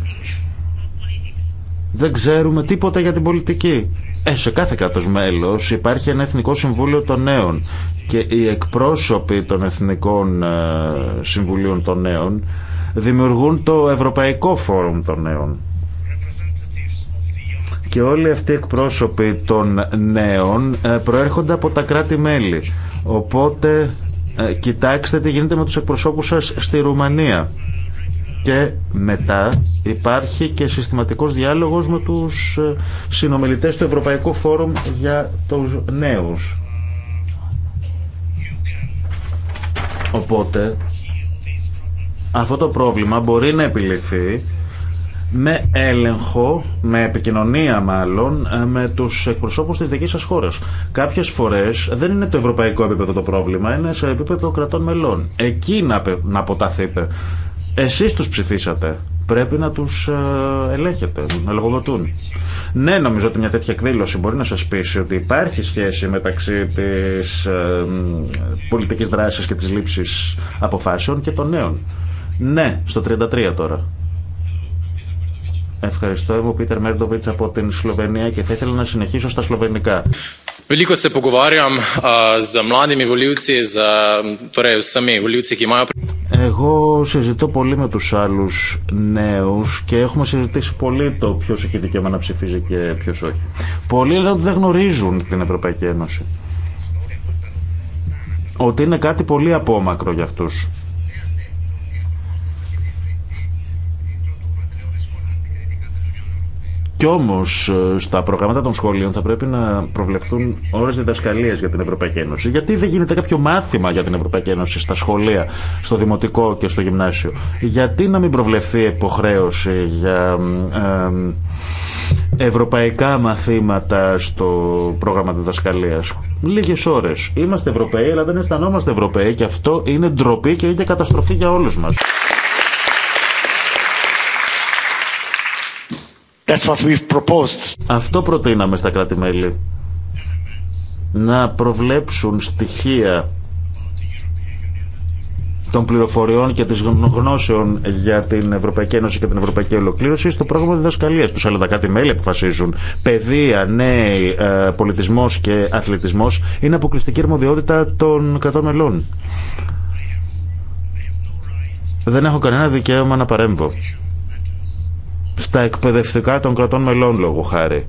Δεν ξέρουμε τίποτα για την πολιτική. Ε, σε κάθε κράτος μέλος υπάρχει ένα Εθνικό Συμβούλιο των Νέων και οι εκπρόσωποι των Εθνικών ε, Συμβουλίων των Νέων δημιουργούν το Ευρωπαϊκό Φόρουμ των Νέων. Και όλοι αυτοί οι εκπρόσωποι των νέων ε, προέρχονται από τα κράτη-μέλη. Οπότε ε, κοιτάξτε τι γίνεται με τους εκπροσώπους σας στη Ρουμανία. Και μετά υπάρχει και συστηματικός διάλογος με τους ε, συνομιλητές του Ευρωπαϊκού Φόρουμ για τους νέους. Οπότε αυτό το πρόβλημα μπορεί να επιληθεί με έλεγχο, με επικοινωνία μάλλον, ε, με του εκπροσώπου τη δική σα χώρα. Κάποιε φορέ δεν είναι το ευρωπαϊκό επίπεδο το πρόβλημα, είναι σε επίπεδο κρατών μελών. Εκεί να αποταθείτε. Εσείς τους ψηφίσατε. Πρέπει να τους ε, ελέγχετε, να λογοδοτούν. Ναι, νομίζω ότι μια τέτοια εκδήλωση μπορεί να σας πείσει ότι υπάρχει σχέση μεταξύ της ε, πολιτικής δράσης και της λήψης αποφάσεων και των νέων. Ναι, στο 33 τώρα. Ευχαριστώ. Είμαι ο Πίτερ Μέρντοβιτ από την Σλοβενία και θα ήθελα να συνεχίσω στα σλοβενικά. Εγώ συζητώ πολύ με τους άλλους νέους και έχουμε συζητήσει πολύ το ποιος έχει δικαίωμα να ψηφίζει και ποιος όχι. Πολλοί λένε ότι δεν γνωρίζουν την Ευρωπαϊκή Ένωση. Ότι είναι κάτι πολύ απόμακρο για αυτούς. Κι όμω ε, στα προγράμματα των σχολείων θα πρέπει να προβλεφθούν ώρε διδασκαλία για την Ευρωπαϊκή Ένωση. Γιατί δεν γίνεται κάποιο μάθημα για την Ευρωπαϊκή Ένωση στα σχολεία, στο δημοτικό και στο γυμνάσιο. Γιατί να μην προβλεφθεί υποχρέωση για ε, ε, ευρωπαϊκά μαθήματα στο πρόγραμμα διδασκαλία. Λίγε ώρε. Είμαστε Ευρωπαίοι, αλλά δεν αισθανόμαστε Ευρωπαίοι και αυτό είναι ντροπή και είναι καταστροφή για όλου μα. That's what we've proposed. Αυτό προτείναμε στα κράτη-μέλη. Να προβλέψουν στοιχεία των πληροφοριών και της γνώσεων για την Ευρωπαϊκή Ένωση και την Ευρωπαϊκή Ολοκλήρωση στο πρόγραμμα διδασκαλίας τους. Αλλά τα κράτη μέλη αποφασίζουν. Παιδεία, νέοι, ε, πολιτισμός και αθλητισμός είναι αποκλειστική αρμοδιότητα των κρατών μελών. Δεν έχω κανένα δικαίωμα να παρέμβω στα εκπαιδευτικά των κρατών μελών λόγω χάρη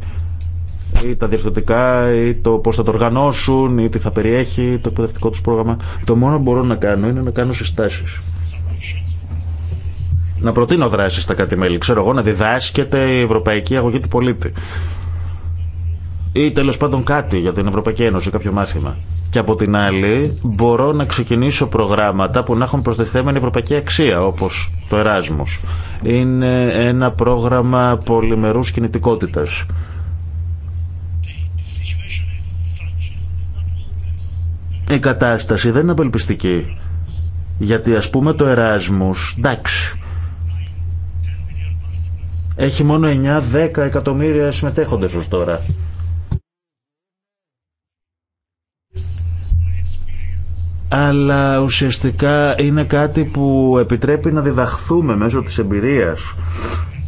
ή τα διευθυντικά ή το πώ θα το οργανώσουν ή τι θα περιέχει το εκπαιδευτικό του πρόγραμμα το μόνο που μπορώ να κάνω είναι να κάνω συστάσεις να προτείνω δράσεις στα κάτι μέλη ξέρω εγώ να διδάσκεται η ευρωπαϊκή αγωγή του πολίτη ή τέλο πάντων κάτι για την Ευρωπαϊκή Ένωση κάποιο μάθημα και από την άλλη, μπορώ να ξεκινήσω προγράμματα που να έχουν προσδεθέμενη ευρωπαϊκή αξία, όπω το Εράσμο. Είναι ένα πρόγραμμα πολυμερού κινητικότητα. Η κατάσταση δεν είναι απελπιστική. Γιατί ας πούμε το Εράσμους, εντάξει, έχει μόνο 9-10 εκατομμύρια συμμετέχοντες ως τώρα. αλλά ουσιαστικά είναι κάτι που επιτρέπει να διδαχθούμε μέσω της εμπειρίας.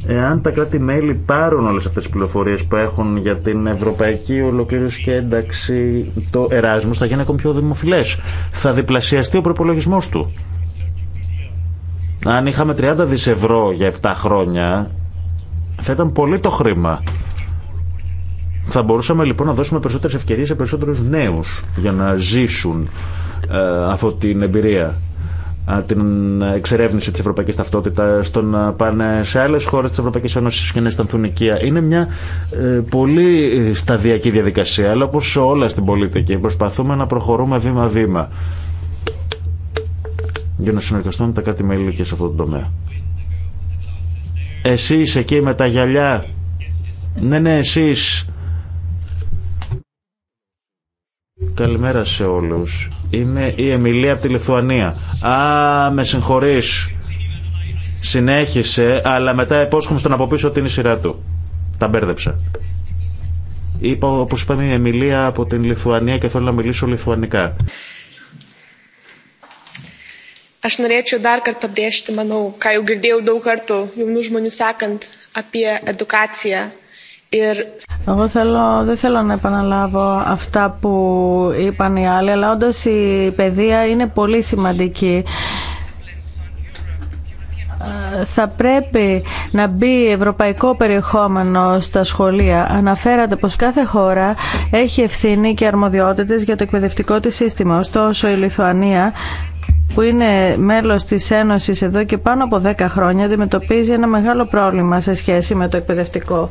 Εάν τα κράτη-μέλη πάρουν όλες αυτές τις πληροφορίες που έχουν για την ευρωπαϊκή ολοκλήρωση και ένταξη το εράσμος θα γίνει ακόμη πιο δημοφιλές. Θα διπλασιαστεί ο προπολογισμό του. Αν είχαμε 30 δις ευρώ για 7 χρόνια θα ήταν πολύ το χρήμα. Θα μπορούσαμε λοιπόν να δώσουμε περισσότερες ευκαιρίες σε περισσότερους νέους για να ζήσουν ε, αυτή την εμπειρία ε, την εξερεύνηση της ευρωπαϊκής ταυτότητας στο να πάνε σε άλλες χώρες της Ευρωπαϊκή Ένωσης και να αισθανθούν οικία. Είναι μια ε, πολύ σταδιακή διαδικασία, αλλά όπω όλα στην πολιτική, προσπαθούμε να προχωρούμε βήμα-βήμα για να συνεργαστούν τα κάτι μέλη και σε αυτόν τον τομέα. Εσείς εκεί με τα γυαλιά. Ναι, ναι, εσείς Καλημέρα σε όλους. Είμαι η Εμιλία από τη Λιθουανία. Α, με συγχωρείς. Συνέχισε, αλλά μετά υπόσχομαι στον από πίσω ότι είναι η σειρά του. Τα μπέρδεψα. Είπα, όπως είπαμε, η Εμιλία από την Λιθουανία και θέλω να μιλήσω λιθουανικά. Aš norėčiau dar kartą pabrėžti, manau, ką jau girdėjau daug kartų jaunų žmonių εγώ θέλω, δεν θέλω να επαναλάβω αυτά που είπαν οι άλλοι, αλλά όντω η παιδεία είναι πολύ σημαντική ε, θα πρέπει να μπει ευρωπαϊκό περιεχόμενο στα σχολεία. Αναφέρατε πως κάθε χώρα έχει ευθύνη και αρμοδιότητες για το εκπαιδευτικό της σύστημα. Ωστόσο η Λιθουανία που είναι μέλος της Ένωσης εδώ και πάνω από 10 χρόνια αντιμετωπίζει ένα μεγάλο πρόβλημα σε σχέση με το εκπαιδευτικό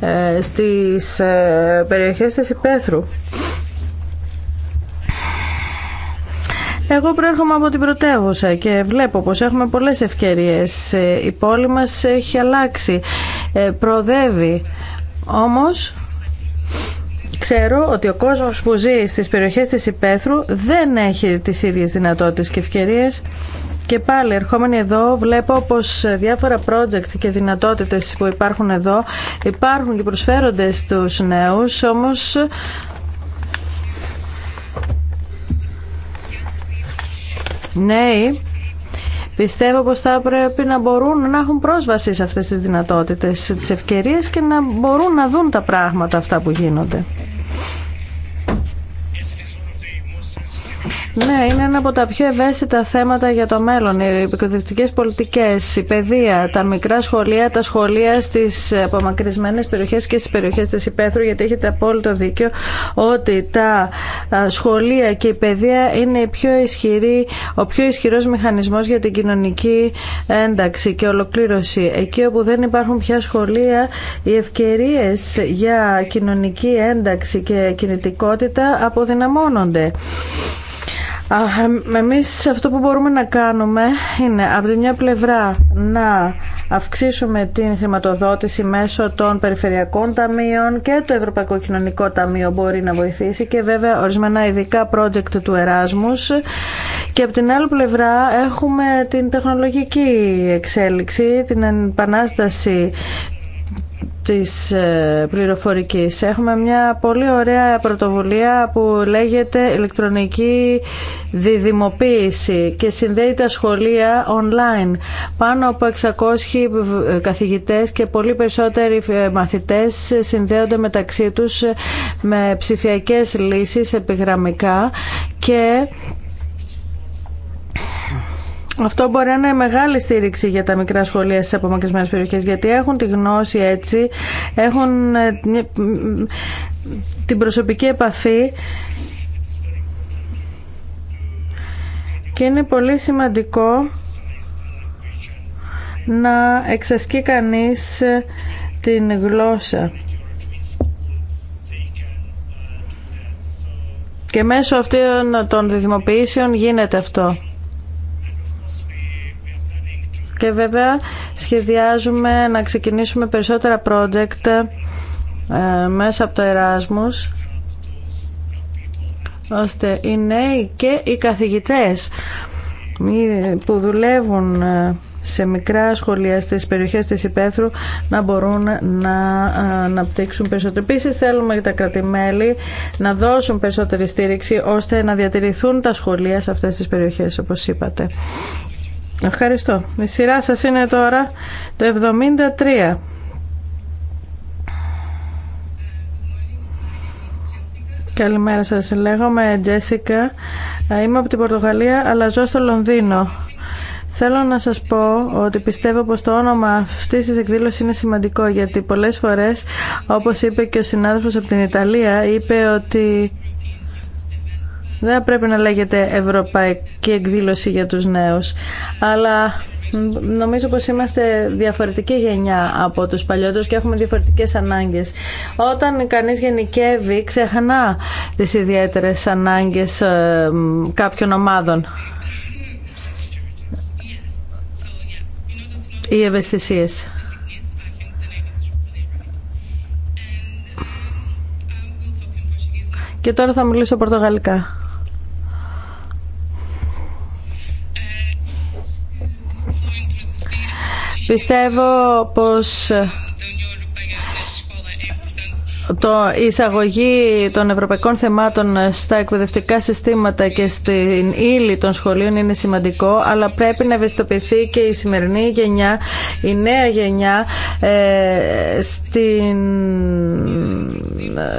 ε, στις ε, περιοχές της Υπέθρου. Εγώ προέρχομαι από την πρωτεύουσα και βλέπω πως έχουμε πολλές ευκαιρίες. Ε, η πόλη μας έχει αλλάξει, προοδεύει. Όμως Ξέρω ότι ο κόσμος που ζει στις περιοχές της Υπέθρου δεν έχει τις ίδιες δυνατότητες και ευκαιρίες και πάλι ερχόμενοι εδώ βλέπω πως διάφορα project και δυνατότητες που υπάρχουν εδώ υπάρχουν και προσφέρονται στους νέους όμως νέοι Πιστεύω πως θα πρέπει να μπορούν να έχουν πρόσβαση σε αυτές τις δυνατότητες, τις ευκαιρίες και να μπορούν να δουν τα πράγματα αυτά που γίνονται. Ναι, είναι ένα από τα πιο ευαίσθητα θέματα για το μέλλον. Οι επικοδευτικέ πολιτικέ, η παιδεία, τα μικρά σχολεία, τα σχολεία στι απομακρυσμένε περιοχέ και στι περιοχέ τη υπαίθρου, γιατί έχετε απόλυτο δίκιο ότι τα σχολεία και η παιδεία είναι πιο ισχυρή, ο πιο ισχυρό μηχανισμό για την κοινωνική ένταξη και ολοκλήρωση. Εκεί όπου δεν υπάρχουν πια σχολεία, οι ευκαιρίε για κοινωνική ένταξη και κινητικότητα αποδυναμώνονται. Εμείς αυτό που μπορούμε να κάνουμε είναι από τη μια πλευρά να αυξήσουμε την χρηματοδότηση μέσω των περιφερειακών ταμείων και το Ευρωπαϊκό Κοινωνικό Ταμείο μπορεί να βοηθήσει και βέβαια ορισμένα ειδικά project του Εράσμους και από την άλλη πλευρά έχουμε την τεχνολογική εξέλιξη, την επανάσταση της ε, πληροφορικής. Έχουμε μια πολύ ωραία πρωτοβουλία που λέγεται ηλεκτρονική διδημοποίηση και συνδέει τα σχολεία online. Πάνω από 600 ε, καθηγητές και πολύ περισσότεροι ε, μαθητές συνδέονται μεταξύ τους με ψηφιακές λύσεις επιγραμμικά και αυτό μπορεί να είναι μεγάλη στήριξη για τα μικρά σχολεία στις απομακρυσμένες περιοχές γιατί έχουν τη γνώση έτσι, έχουν ε, την προσωπική επαφή και είναι πολύ σημαντικό να εξασκεί κανείς ε, την γλώσσα. Και μέσω αυτών των δημοποιήσεων γίνεται αυτό. Και βέβαια σχεδιάζουμε να ξεκινήσουμε περισσότερα project ε, μέσα από το Εράσμους ώστε οι νέοι και οι καθηγητές που δουλεύουν ε, σε μικρά σχολεία στις περιοχές της Υπέθρου να μπορούν να ε, αναπτύξουν περισσότερο. Επίση θέλουμε τα κρατημέλη να δώσουν περισσότερη στήριξη ώστε να διατηρηθούν τα σχολεία σε αυτές τις περιοχές όπως είπατε. Ευχαριστώ. Η σειρά σας είναι τώρα το 73. Καλημέρα σας. Λέγομαι Τζέσικα. Ε, είμαι από την Πορτογαλία αλλά ζω στο Λονδίνο. Θέλω να σας πω ότι πιστεύω πως το όνομα αυτής της εκδήλωσης είναι σημαντικό γιατί πολλές φορές, όπως είπε και ο συνάδελφος από την Ιταλία, είπε ότι δεν πρέπει να λέγεται ευρωπαϊκή εκδήλωση για τους νέους, αλλά Νομίζω πως είμαστε διαφορετική γενιά από τους παλιότερους και έχουμε διαφορετικές ανάγκες. Όταν κανείς γενικεύει, ξεχνά τις ιδιαίτερες ανάγκες ε, κάποιων ομάδων. Οι ευαισθησίες. Και τώρα θα μιλήσω πορτογαλικά. Πιστεύω πως το η εισαγωγή των ευρωπαϊκών θεμάτων στα εκπαιδευτικά συστήματα και στην ύλη των σχολείων είναι σημαντικό, αλλά πρέπει να ευαισθητοποιηθεί και η σημερινή γενιά, η νέα γενιά ε,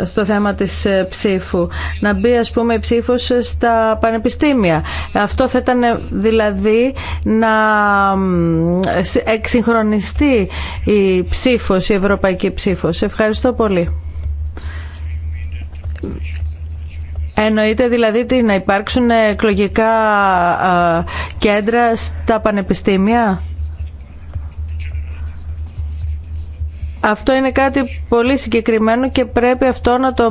στο θέμα της ε, ψήφου. Να μπει ας πούμε η ψήφος στα πανεπιστήμια. Αυτό θα ήταν ε, δηλαδή να εξυγχρονιστεί η ψήφος, η ευρωπαϊκή ψήφος. Ευχαριστώ πολύ. Εννοείται δηλαδή τι, να υπάρξουν εκλογικά κέντρα στα πανεπιστήμια. Αυτό είναι κάτι πολύ συγκεκριμένο και πρέπει αυτό να το,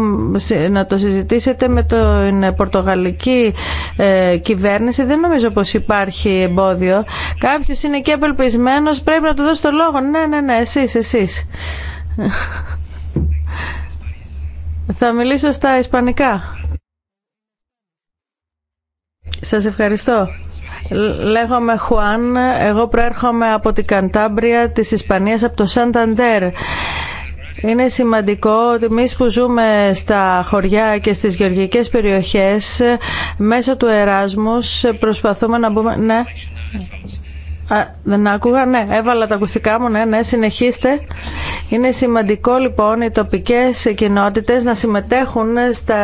να το συζητήσετε με την πορτογαλική ε, κυβέρνηση. Δεν νομίζω πως υπάρχει εμπόδιο. Κάποιος είναι και απελπισμένος, πρέπει να του δώσει το λόγο. Ναι, ναι, ναι, εσείς, εσείς. Θα μιλήσω στα ισπανικά. Σας ευχαριστώ. Λέγομαι Χουάν, εγώ προέρχομαι από την Καντάμπρια της Ισπανίας, από το Σανταντέρ. Είναι σημαντικό ότι εμεί που ζούμε στα χωριά και στις γεωργικές περιοχές, μέσω του Εράσμους προσπαθούμε να μπούμε... Ναι. Α, δεν άκουγα, ναι, έβαλα τα ακουστικά μου, ναι, ναι, συνεχίστε. Είναι σημαντικό λοιπόν οι τοπικές κοινότητε να συμμετέχουν στα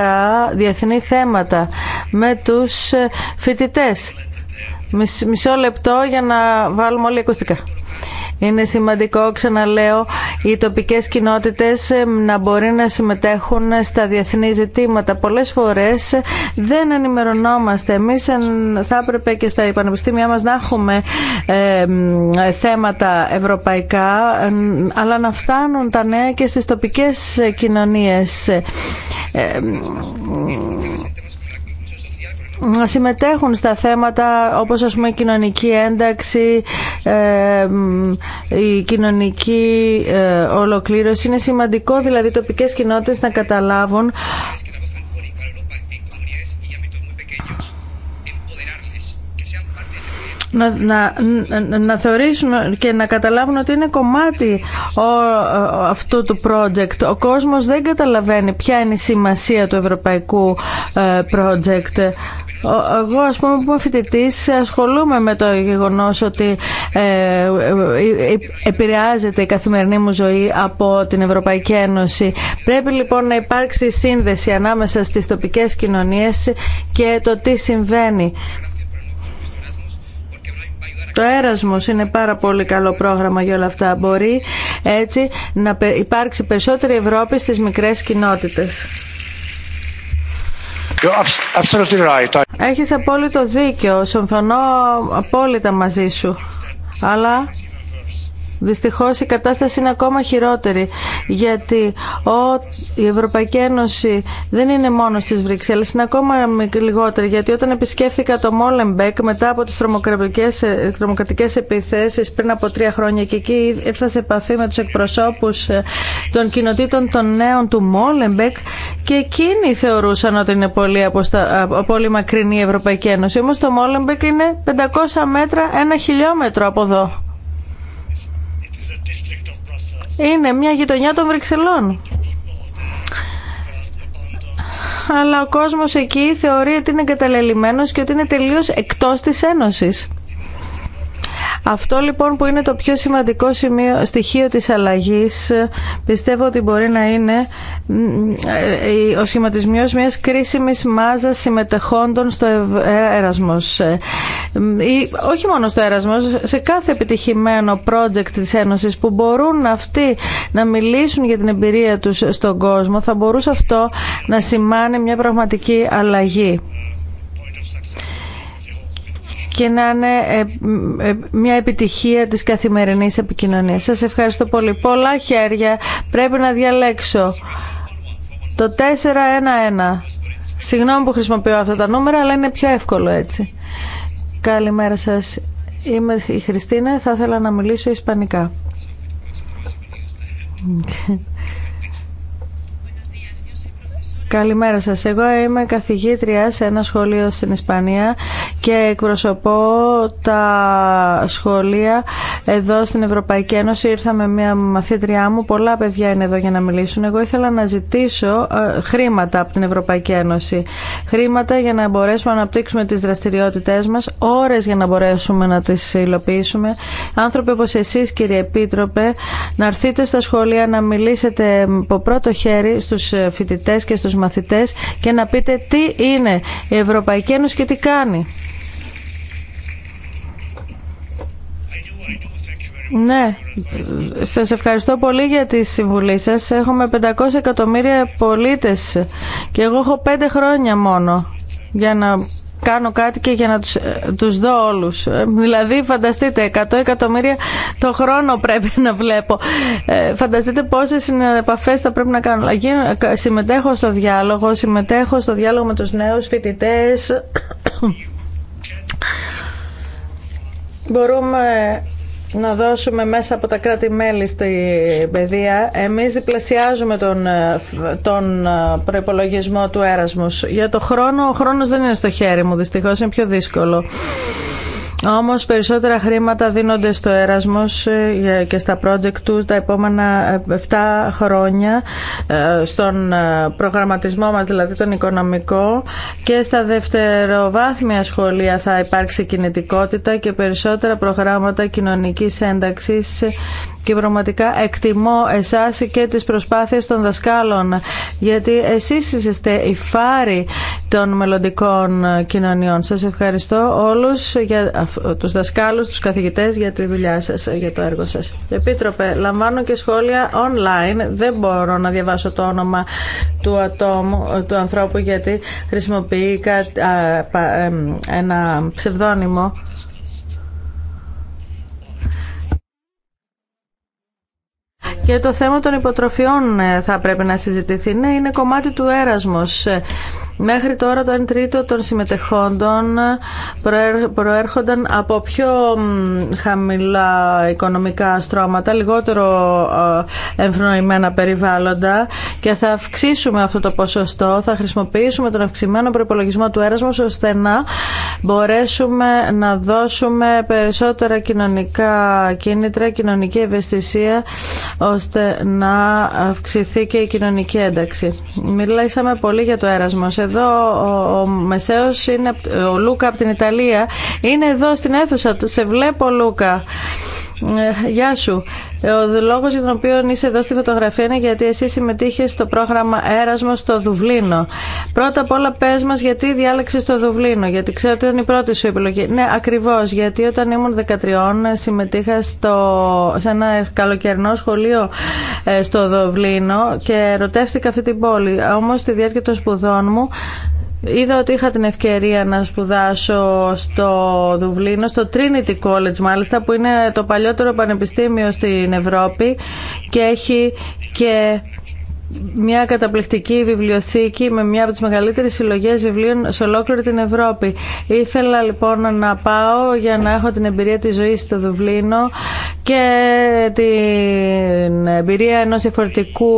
διεθνή θέματα με τους φοιτητές. Μισό λεπτό για να βάλουμε όλοι ακουστικά. Είναι σημαντικό, ξαναλέω, οι τοπικές κοινότητες ε, να μπορεί να συμμετέχουν στα διεθνή ζητήματα. Πολλές φορές δεν ενημερωνόμαστε. Εμείς θα έπρεπε και στα πανεπιστήμια μας να έχουμε ε, θέματα ευρωπαϊκά, αλλά να φτάνουν τα νέα και στις τοπικές κοινωνίες. Ε, συμμετέχουν στα θέματα όπως ας πούμε η κοινωνική ένταξη, ε, η κοινωνική ε, ολοκλήρωση. Είναι σημαντικό δηλαδή οι τοπικές κοινότητες να καταλάβουν να, να, θεωρήσουν και να καταλάβουν ότι είναι κομμάτι ο, αυτού του project. Ο κόσμος δεν καταλαβαίνει ποια είναι η σημασία του ευρωπαϊκού ε, project. Εγώ, ας πούμε, που είμαι φοιτητή, ασχολούμαι με το γεγονός ότι ε, ε, ε, επηρεάζεται η καθημερινή μου ζωή από την Ευρωπαϊκή Ένωση. Πρέπει λοιπόν να υπάρξει σύνδεση ανάμεσα στις τοπικές κοινωνίες και το τι συμβαίνει. Το Έρασμος είναι πάρα πολύ καλό πρόγραμμα για όλα αυτά. Μπορεί έτσι να υπάρξει περισσότερη Ευρώπη στις μικρές κοινότητες. Έχεις απόλυτο δίκιο. Συμφωνώ απόλυτα μαζί σου. Αλλά Δυστυχώς η κατάσταση είναι ακόμα χειρότερη γιατί ο, η Ευρωπαϊκή Ένωση δεν είναι μόνο στις Βρυξέλλες, είναι ακόμα λιγότερη γιατί όταν επισκέφθηκα το Μόλεμπεκ μετά από τις ε, τρομοκρατικές επιθέσεις πριν από τρία χρόνια και εκεί ήρθα σε επαφή με τους εκπροσώπους ε, των κοινοτήτων των νέων του Μόλεμπεκ και εκείνοι θεωρούσαν ότι είναι πολύ, αποστα... πολύ μακρινή η Ευρωπαϊκή Ένωση. Όμως το Μόλεμπεκ είναι 500 μέτρα, ένα χιλιόμετρο από εδώ είναι μια γειτονιά των Βρυξελών αλλά ο κόσμος εκεί θεωρεί ότι είναι εγκαταλελειμμένος και ότι είναι τελείως εκτός της Ένωσης. Αυτό λοιπόν που είναι το πιο σημαντικό σημείο, στοιχείο της αλλαγής πιστεύω ότι μπορεί να είναι ε, ο σχηματισμός μιας κρίσιμης μάζας συμμετεχόντων στο Έρασμος. Ε, όχι μόνο στο Έρασμος, σε κάθε επιτυχημένο project της Ένωσης που μπορούν αυτοί να μιλήσουν για την εμπειρία τους στον κόσμο θα μπορούσε αυτό να σημάνει μια πραγματική αλλαγή και να είναι ε, ε, μια επιτυχία της καθημερινής επικοινωνίας. Σας ευχαριστώ πολύ. Πολλά χέρια πρέπει να διαλέξω. Το 411. συγγνωμη που χρησιμοποιώ αυτά τα νούμερα, αλλά είναι πιο εύκολο έτσι. Καλημέρα σας. Είμαι η Χριστίνα. Θα ήθελα να μιλήσω ισπανικά. Καλημέρα σα. Εγώ είμαι καθηγήτρια σε ένα σχολείο στην Ισπανία και εκπροσωπώ τα σχολεία εδώ στην Ευρωπαϊκή Ένωση. Ήρθα με μια μαθήτριά μου. Πολλά παιδιά είναι εδώ για να μιλήσουν. Εγώ ήθελα να ζητήσω ε, χρήματα από την Ευρωπαϊκή Ένωση. Χρήματα για να μπορέσουμε να αναπτύξουμε τι δραστηριότητε μα, ώρες για να μπορέσουμε να τι υλοποιήσουμε. Άνθρωποι όπω εσεί, κύριε Επίτροπε, να έρθετε στα σχολεία να μιλήσετε από πρώτο χέρι στου ε, φοιτητέ και στου και να πείτε τι είναι η Ευρωπαϊκή Ένωση και τι κάνει. Ναι, σας ευχαριστώ πολύ για τη συμβουλή σας. Έχουμε 500 εκατομμύρια πολίτες και εγώ έχω 5 χρόνια μόνο για να κάνω κάτι και για να τους, ε, τους δω όλους. Ε, δηλαδή φανταστείτε 100 εκατομμύρια το χρόνο πρέπει να βλέπω. Ε, φανταστείτε πόσες επαφές θα πρέπει να κάνω. Συμμετέχω στο διάλογο, συμμετέχω στο διάλογο με τους νέους φοιτητές. Μπορούμε να δώσουμε μέσα από τα κράτη-μέλη στην παιδεία. Εμείς διπλασιάζουμε τον, ε, τον ε, προϋπολογισμό του έρασμους. Για το χρόνο, ο χρόνος δεν είναι στο χέρι μου, δυστυχώς είναι πιο δύσκολο. Όμως περισσότερα χρήματα δίνονται στο Έρασμος ε, και στα project του τα επόμενα 7 ε, χρόνια ε, στον προγραμματισμό μας, δηλαδή τον οικονομικό και στα δευτεροβάθμια σχολεία θα υπάρξει κινητικότητα και περισσότερα προγράμματα κοινωνικής ένταξης και πραγματικά εκτιμώ εσάς και τις προσπάθειες των δασκάλων γιατί εσείς είστε η φάρη των μελλοντικών κοινωνιών. Σας ευχαριστώ όλους για τους δασκάλους, τους καθηγητές για τη δουλειά σας, για το έργο σας. Επίτροπε, λαμβάνω και σχόλια online. Δεν μπορώ να διαβάσω το όνομα του ατόμου, του ανθρώπου γιατί χρησιμοποιεί ένα ψευδόνυμο Και το θέμα των υποτροφιών ε, θα πρέπει να συζητηθεί. Ναι, είναι κομμάτι του έρασμος. Ε, μέχρι τώρα το 1 τρίτο των συμμετεχόντων ε, προέρχονταν από πιο χαμηλά οικονομικά στρώματα, λιγότερο εμφρονοημένα περιβάλλοντα και θα αυξήσουμε αυτό το ποσοστό, θα χρησιμοποιήσουμε τον αυξημένο προπολογισμό του έρασμος ώστε να μπορέσουμε να δώσουμε περισσότερα κοινωνικά κίνητρα, κοινωνική ευαισθησία ώστε να αυξηθεί και η κοινωνική ένταξη. Μιλήσαμε πολύ για το έρασμο. Εδώ ο Μεσαίος, είναι, ο Λούκα από την Ιταλία, είναι εδώ στην αίθουσα. του. Σε βλέπω Λούκα. Ε, γεια σου. Ο λόγο για τον οποίο είσαι εδώ στη φωτογραφία είναι γιατί εσύ συμμετείχε στο πρόγραμμα Έρασμο στο Δουβλίνο. Πρώτα απ' όλα, πε μα γιατί διάλεξε το Δουβλίνο, γιατί ξέρω ότι ήταν η πρώτη σου επιλογή. Ναι, ακριβώ, γιατί όταν ήμουν 13 συμμετείχα στο, σε ένα καλοκαιρινό σχολείο ε, στο Δουβλίνο και ερωτεύτηκα αυτή την πόλη. Όμω, στη διάρκεια των σπουδών μου Είδα ότι είχα την ευκαιρία να σπουδάσω στο Δουβλίνο, στο Trinity College μάλιστα, που είναι το παλιότερο πανεπιστήμιο στην Ευρώπη και έχει και μια καταπληκτική βιβλιοθήκη με μια από τις μεγαλύτερες συλλογές βιβλίων σε ολόκληρη την Ευρώπη. Ήθελα λοιπόν να πάω για να έχω την εμπειρία της ζωής στο Δουβλίνο και την εμπειρία ενός διαφορετικού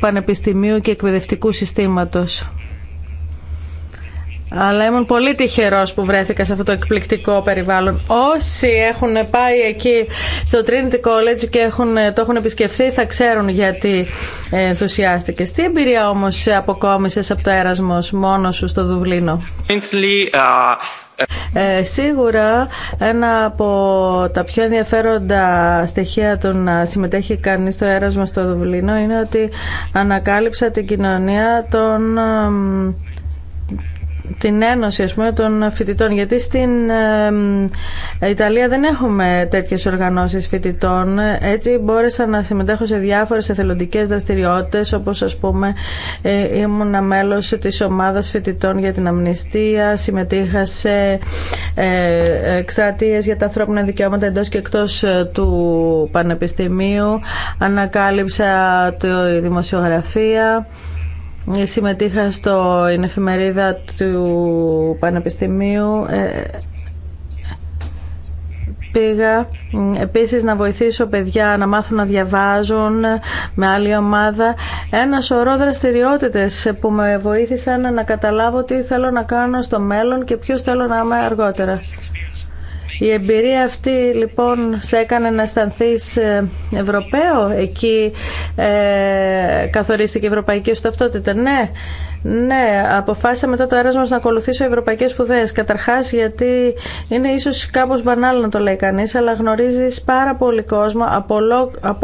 πανεπιστημίου και εκπαιδευτικού συστήματος. Αλλά ήμουν πολύ τυχερός που βρέθηκα σε αυτό το εκπληκτικό περιβάλλον. Όσοι έχουν πάει εκεί στο Trinity College και έχουν, ε, το έχουν επισκεφθεί θα ξέρουν γιατί ενθουσιάστηκε. Τι εμπειρία όμως αποκόμισες από το έρασμο μόνο σου στο Δουβλίνο. Uh, ε, σίγουρα ένα από τα πιο ενδιαφέροντα στοιχεία του να συμμετέχει κανείς στο έρασμα στο Δουβλίνο είναι ότι ανακάλυψα την κοινωνία των την ένωση ας πούμε, των φοιτητών γιατί στην Ιταλία δεν έχουμε τέτοιες οργανώσεις φοιτητών έτσι μπόρεσα να συμμετέχω σε διάφορες εθελοντικές δραστηριότητες όπως ας πούμε ε, ήμουν μέλος της ομάδας φοιτητών για την αμνηστία συμμετείχα σε ε, για τα ανθρώπινα δικαιώματα εντός και εκτός ε, του Πανεπιστημίου ανακάλυψα τη δημοσιογραφία Συμμετείχα στο εφημερίδα του Πανεπιστημίου ε, πήγα επίσης να βοηθήσω παιδιά να μάθουν να διαβάζουν με άλλη ομάδα. Ένα σωρό δραστηριότητε που με βοήθησαν να καταλάβω τι θέλω να κάνω στο μέλλον και ποιος θέλω να είμαι αργότερα. Η εμπειρία αυτή λοιπόν σε έκανε να αισθανθεί ε, Ευρωπαίο. Εκεί ε, καθορίστηκε η ευρωπαϊκή σου ταυτότητα. Ναι, ναι, αποφάσισα μετά το έρασμα να ακολουθήσω ευρωπαϊκέ σπουδέ. Καταρχά, γιατί είναι ίσω κάπω μπανάλο να το λέει κανεί, αλλά γνωρίζει πάρα πολύ κόσμο από,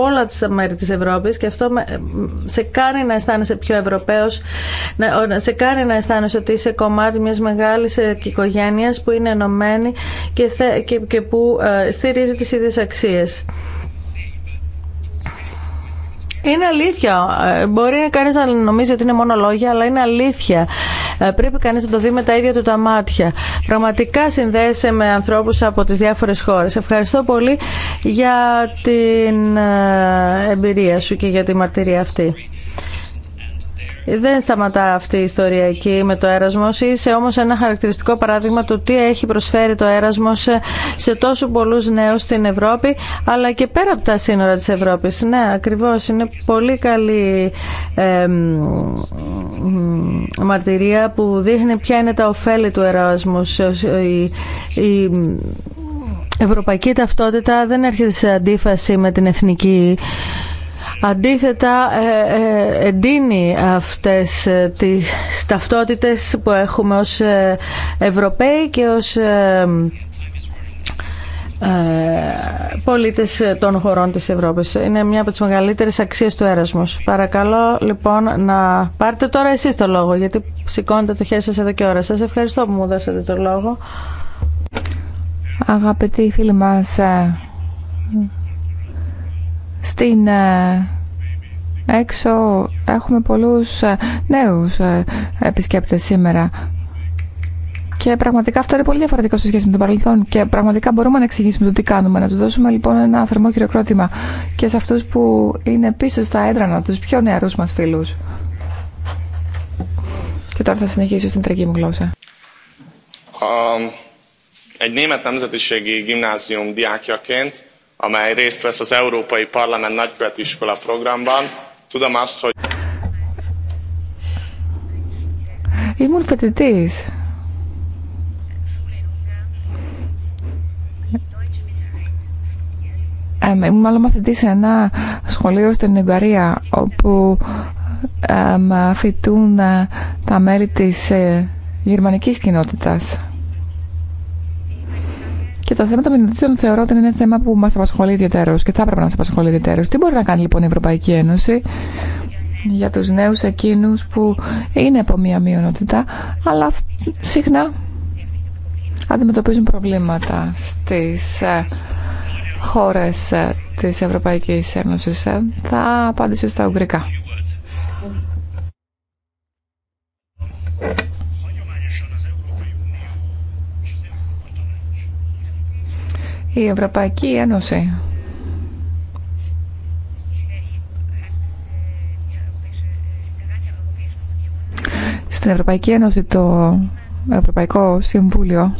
όλα τα μέρη τη Ευρώπη και αυτό σε κάνει να αισθάνεσαι πιο Ευρωπαίο, σε κάνει να αισθάνεσαι ότι είσαι κομμάτι μια μεγάλη ε, οικογένεια που είναι ενωμένη και, και, και που ε, στηρίζει τι ίδιε αξίε. Είναι αλήθεια. Ε, μπορεί κανεί να νομίζει ότι είναι μόνο λόγια, αλλά είναι αλήθεια. Ε, πρέπει κανεί να το δει με τα ίδια του τα μάτια. Πραγματικά συνδέεσαι με ανθρώπου από τι διάφορε χώρε. Ευχαριστώ πολύ για την ε, εμπειρία σου και για τη μαρτυρία αυτή. Δεν σταματά αυτή η ιστορία εκεί με το έρασμος. Είσαι όμως ένα χαρακτηριστικό παράδειγμα του τι έχει προσφέρει το έρασμος σε τόσο πολλούς νέους στην Ευρώπη, αλλά και πέρα από τα σύνορα της Ευρώπης. Ναι, ακριβώς. Είναι πολύ καλή μαρτυρία που δείχνει ποια είναι τα ωφέλη του έρασμους. Η, η, ευρωπαϊκή ταυτότητα δεν έρχεται σε αντίφαση με την εθνική αντίθετα ε, ε, εντείνει αυτές ε, τις ταυτότητες που έχουμε ως Ευρωπαίοι και ως πολίτες των χωρών της Ευρώπης. Είναι μια από τις μεγαλύτερες αξίες του έρασμος. Παρακαλώ λοιπόν να πάρετε τώρα εσείς το λόγο γιατί σηκώνετε το χέρι σας εδώ και ώρα. Σας ευχαριστώ που μου δώσατε το λόγο. Αγαπητοί φίλοι μας, στην ε, έξω έχουμε πολλούς ε, νέους ε, επισκέπτες σήμερα και πραγματικά αυτό είναι πολύ διαφορετικό σε σχέση με το παρελθόν και πραγματικά μπορούμε να εξηγήσουμε το τι κάνουμε. Να του δώσουμε λοιπόν ένα θερμό χειροκρότημα και σε αυτούς που είναι πίσω στα έδρανα, τους πιο νεαρούς μας φίλους. Και τώρα θα συνεχίσω στην τρική μου γλώσσα. Um, egy német amely részt Ήμουν ε, φοιτητής. μάλλον μαθητή σε ένα σχολείο στην Ουγγαρία όπου φοιτούν ε, τα μέλη της γερμανική γερμανικής κοινότητας. Και το θέμα των μειονοτήτων θεωρώ ότι είναι θέμα που μα απασχολεί ιδιαίτερω και θα έπρεπε να μα απασχολεί ιδιαίτερω. Τι μπορεί να κάνει λοιπόν η Ευρωπαϊκή Ένωση για του νέου εκείνου που είναι από μία μειονότητα, αλλά συχνά αντιμετωπίζουν προβλήματα στι ε, χώρε ε, τη Ευρωπαϊκή Ένωση. Ε, θα απάντησε στα ουγγρικά. η Ευρωπαϊκή Ένωση στην Ευρωπαϊκή Ένωση το Ευρωπαϊκό Συμβούλιο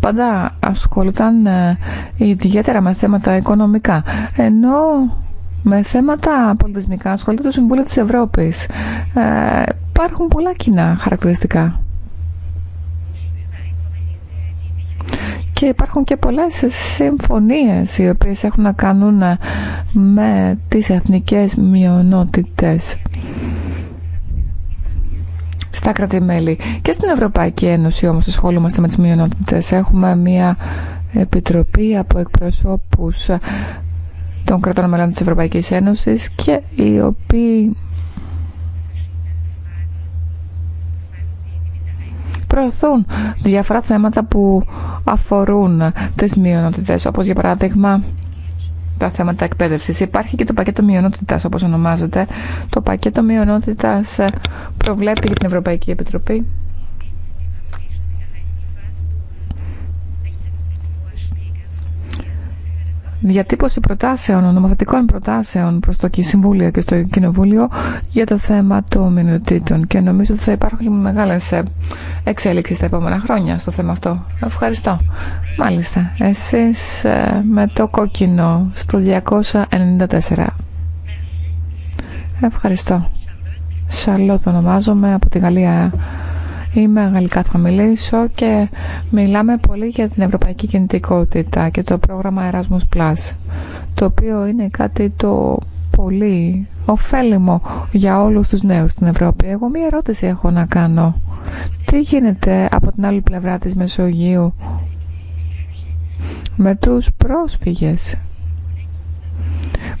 πάντα ασχολούταν ε, ιδιαίτερα με θέματα οικονομικά ενώ με θέματα πολιτισμικά ασχολείται το Συμβούλιο της Ευρώπης ε, υπάρχουν πολλά κοινά χαρακτηριστικά Και υπάρχουν και πολλές συμφωνίες οι οποίες έχουν να κάνουν με τις εθνικές μειονότητες στα κράτη-μέλη. Και στην Ευρωπαϊκή Ένωση όμως ασχολούμαστε με τις μειονότητες. Έχουμε μια επιτροπή από εκπροσώπους των κρατών μελών της Ευρωπαϊκής Ένωσης και οι οποίοι προωθούν διάφορα θέματα που αφορούν τις μειονότητες, όπως για παράδειγμα τα θέματα εκπαίδευσης. Υπάρχει και το πακέτο μειονότητας, όπως ονομάζεται. Το πακέτο μειονότητας προβλέπει για την Ευρωπαϊκή Επιτροπή διατύπωση προτάσεων, νομοθετικών προτάσεων προς το Συμβούλιο και στο Κοινοβούλιο για το θέμα των μηνοτήτων και νομίζω ότι θα υπάρχουν μεγάλες ε, εξέλιξεις τα επόμενα χρόνια στο θέμα αυτό. Ευχαριστώ. Μάλιστα, εσείς ε, με το κόκκινο στο 294. Ευχαριστώ. Σαλό το ονομάζομαι από τη Γαλλία Είμαι γαλλικά, θα μιλήσω και μιλάμε πολύ για την ευρωπαϊκή κινητικότητα και το πρόγραμμα Erasmus Plus, το οποίο είναι κάτι το πολύ ωφέλιμο για όλους τους νέους στην Ευρώπη. Εγώ μία ερώτηση έχω να κάνω. Τι γίνεται από την άλλη πλευρά της Μεσογείου με τους πρόσφυγες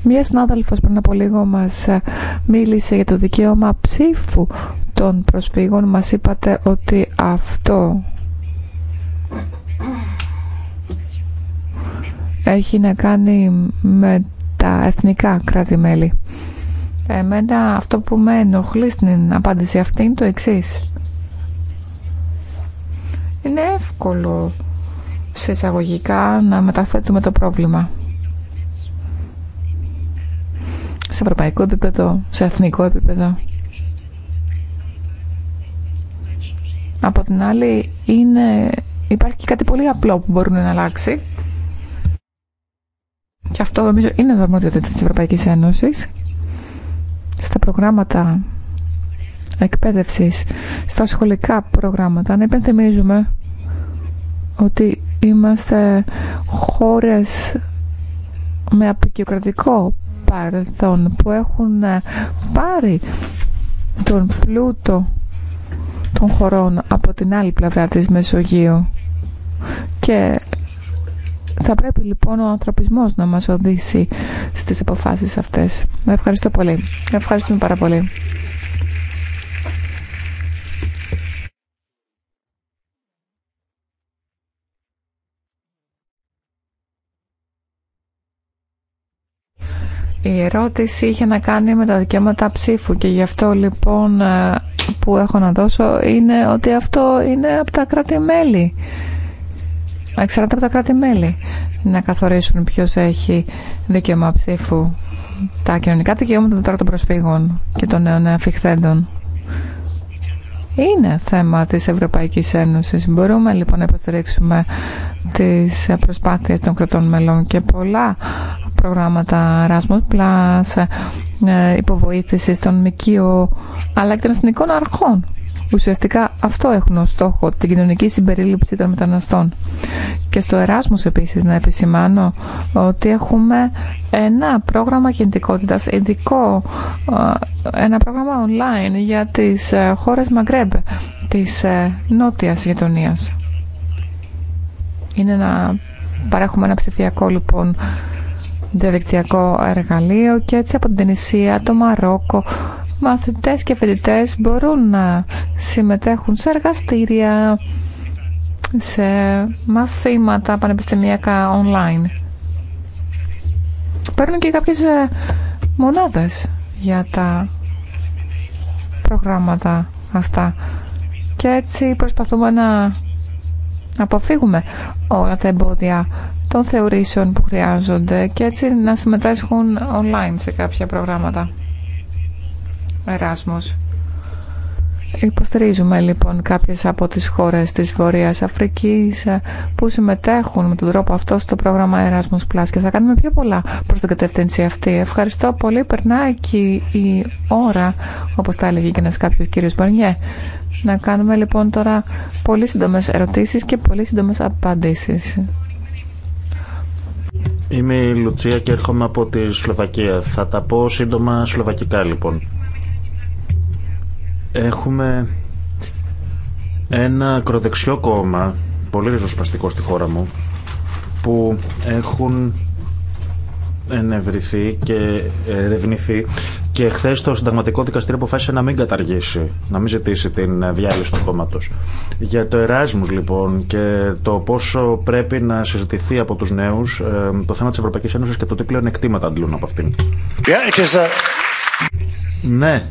Μία συνάδελφος πριν από λίγο μας ε, μίλησε για το δικαίωμα ψήφου των προσφύγων. Μας είπατε ότι αυτό έχει να κάνει με τα εθνικά κράτη-μέλη. Εμένα αυτό που με ενοχλεί στην απάντηση αυτή είναι το εξή. Είναι εύκολο σε εισαγωγικά να μεταθέτουμε το πρόβλημα. σε ευρωπαϊκό επίπεδο, σε εθνικό επίπεδο. Από την άλλη, είναι, υπάρχει κάτι πολύ απλό που μπορούν να αλλάξει. Και αυτό νομίζω είναι δορμοδιότητα της Ευρωπαϊκής Ένωσης. Στα προγράμματα εκπαίδευσης, στα σχολικά προγράμματα, να υπενθυμίζουμε ότι είμαστε χώρες με απεικιοκρατικό παρελθόν που έχουν ε, πάρει τον πλούτο των χωρών από την άλλη πλευρά της Μεσογείου και θα πρέπει λοιπόν ο ανθρωπισμός να μας οδηγήσει στις αποφάσεις αυτές. Ευχαριστώ πολύ. Ευχαριστούμε πάρα πολύ. Η ερώτηση είχε να κάνει με τα δικαιώματα ψήφου και γι' αυτό λοιπόν ε, που έχω να δώσω είναι ότι αυτό είναι από τα κράτη-μέλη. Εξαρτάται από τα κράτη-μέλη να καθορίσουν ποιο έχει δικαίωμα ψήφου. Τα κοινωνικά δικαιώματα των προσφύγων και των νέων αφιχθέντων είναι θέμα της Ευρωπαϊκής Ένωσης. Μπορούμε λοιπόν να υποστηρίξουμε τις προσπάθειες των κρατών μελών και πολλά προγράμματα Erasmus Plus, ε, υποβοήθησης των ΜΚΙΟ, αλλά και των εθνικών αρχών. Ουσιαστικά αυτό έχουν ως στόχο, την κοινωνική συμπερίληψη των μεταναστών. Και στο Εράσμους επίσης να επισημάνω ότι έχουμε ένα πρόγραμμα κινητικότητας ειδικό, ένα πρόγραμμα online για τις ε, χώρες Μαγκρέμπ της ε, νότιας γειτονίας. Είναι να παρέχουμε ένα ψηφιακό λοιπόν διαδικτυακό εργαλείο και έτσι από την Τενησία, το Μαρόκο, μαθητές και φοιτητές μπορούν να συμμετέχουν σε εργαστήρια, σε μαθήματα πανεπιστημιακά online. Παίρνουν και κάποιες ε, μονάδες για τα προγράμματα αυτά. Και έτσι προσπαθούμε να αποφύγουμε όλα τα εμπόδια των θεωρήσεων που χρειάζονται και έτσι να συμμετέχουν online σε κάποια προγράμματα. Εράσμος. Υποστηρίζουμε λοιπόν κάποιες από τις χώρες της Βορείας Αφρικής ε, που συμμετέχουν με τον τρόπο αυτό στο πρόγραμμα Erasmus Plus και θα κάνουμε πιο πολλά προς την κατεύθυνση αυτή. Ευχαριστώ πολύ. Περνάει και η ώρα, όπως τα έλεγε και ένας κάποιος κύριος Μπαρνιέ. Να κάνουμε λοιπόν τώρα πολύ σύντομες ερωτήσεις και πολύ σύντομες απαντήσεις. Είμαι η Λουτσία και έρχομαι από τη Σλοβακία. Θα τα πω σύντομα σλοβακικά λοιπόν. Έχουμε ένα ακροδεξιό κόμμα, πολύ ριζοσπαστικό στη χώρα μου, που έχουν ενευρηθεί και ερευνηθεί και χθε το συνταγματικό δικαστήριο αποφάσισε να μην καταργήσει, να μην ζητήσει την ε, διάλυση του κόμματο. Για το Εράσμου, λοιπόν, και το πόσο πρέπει να συζητηθεί από του νέου ε, το θέμα τη Ευρωπαϊκή Ένωση και το τι πλέον εκτίματα αντλούν από αυτήν. ναι,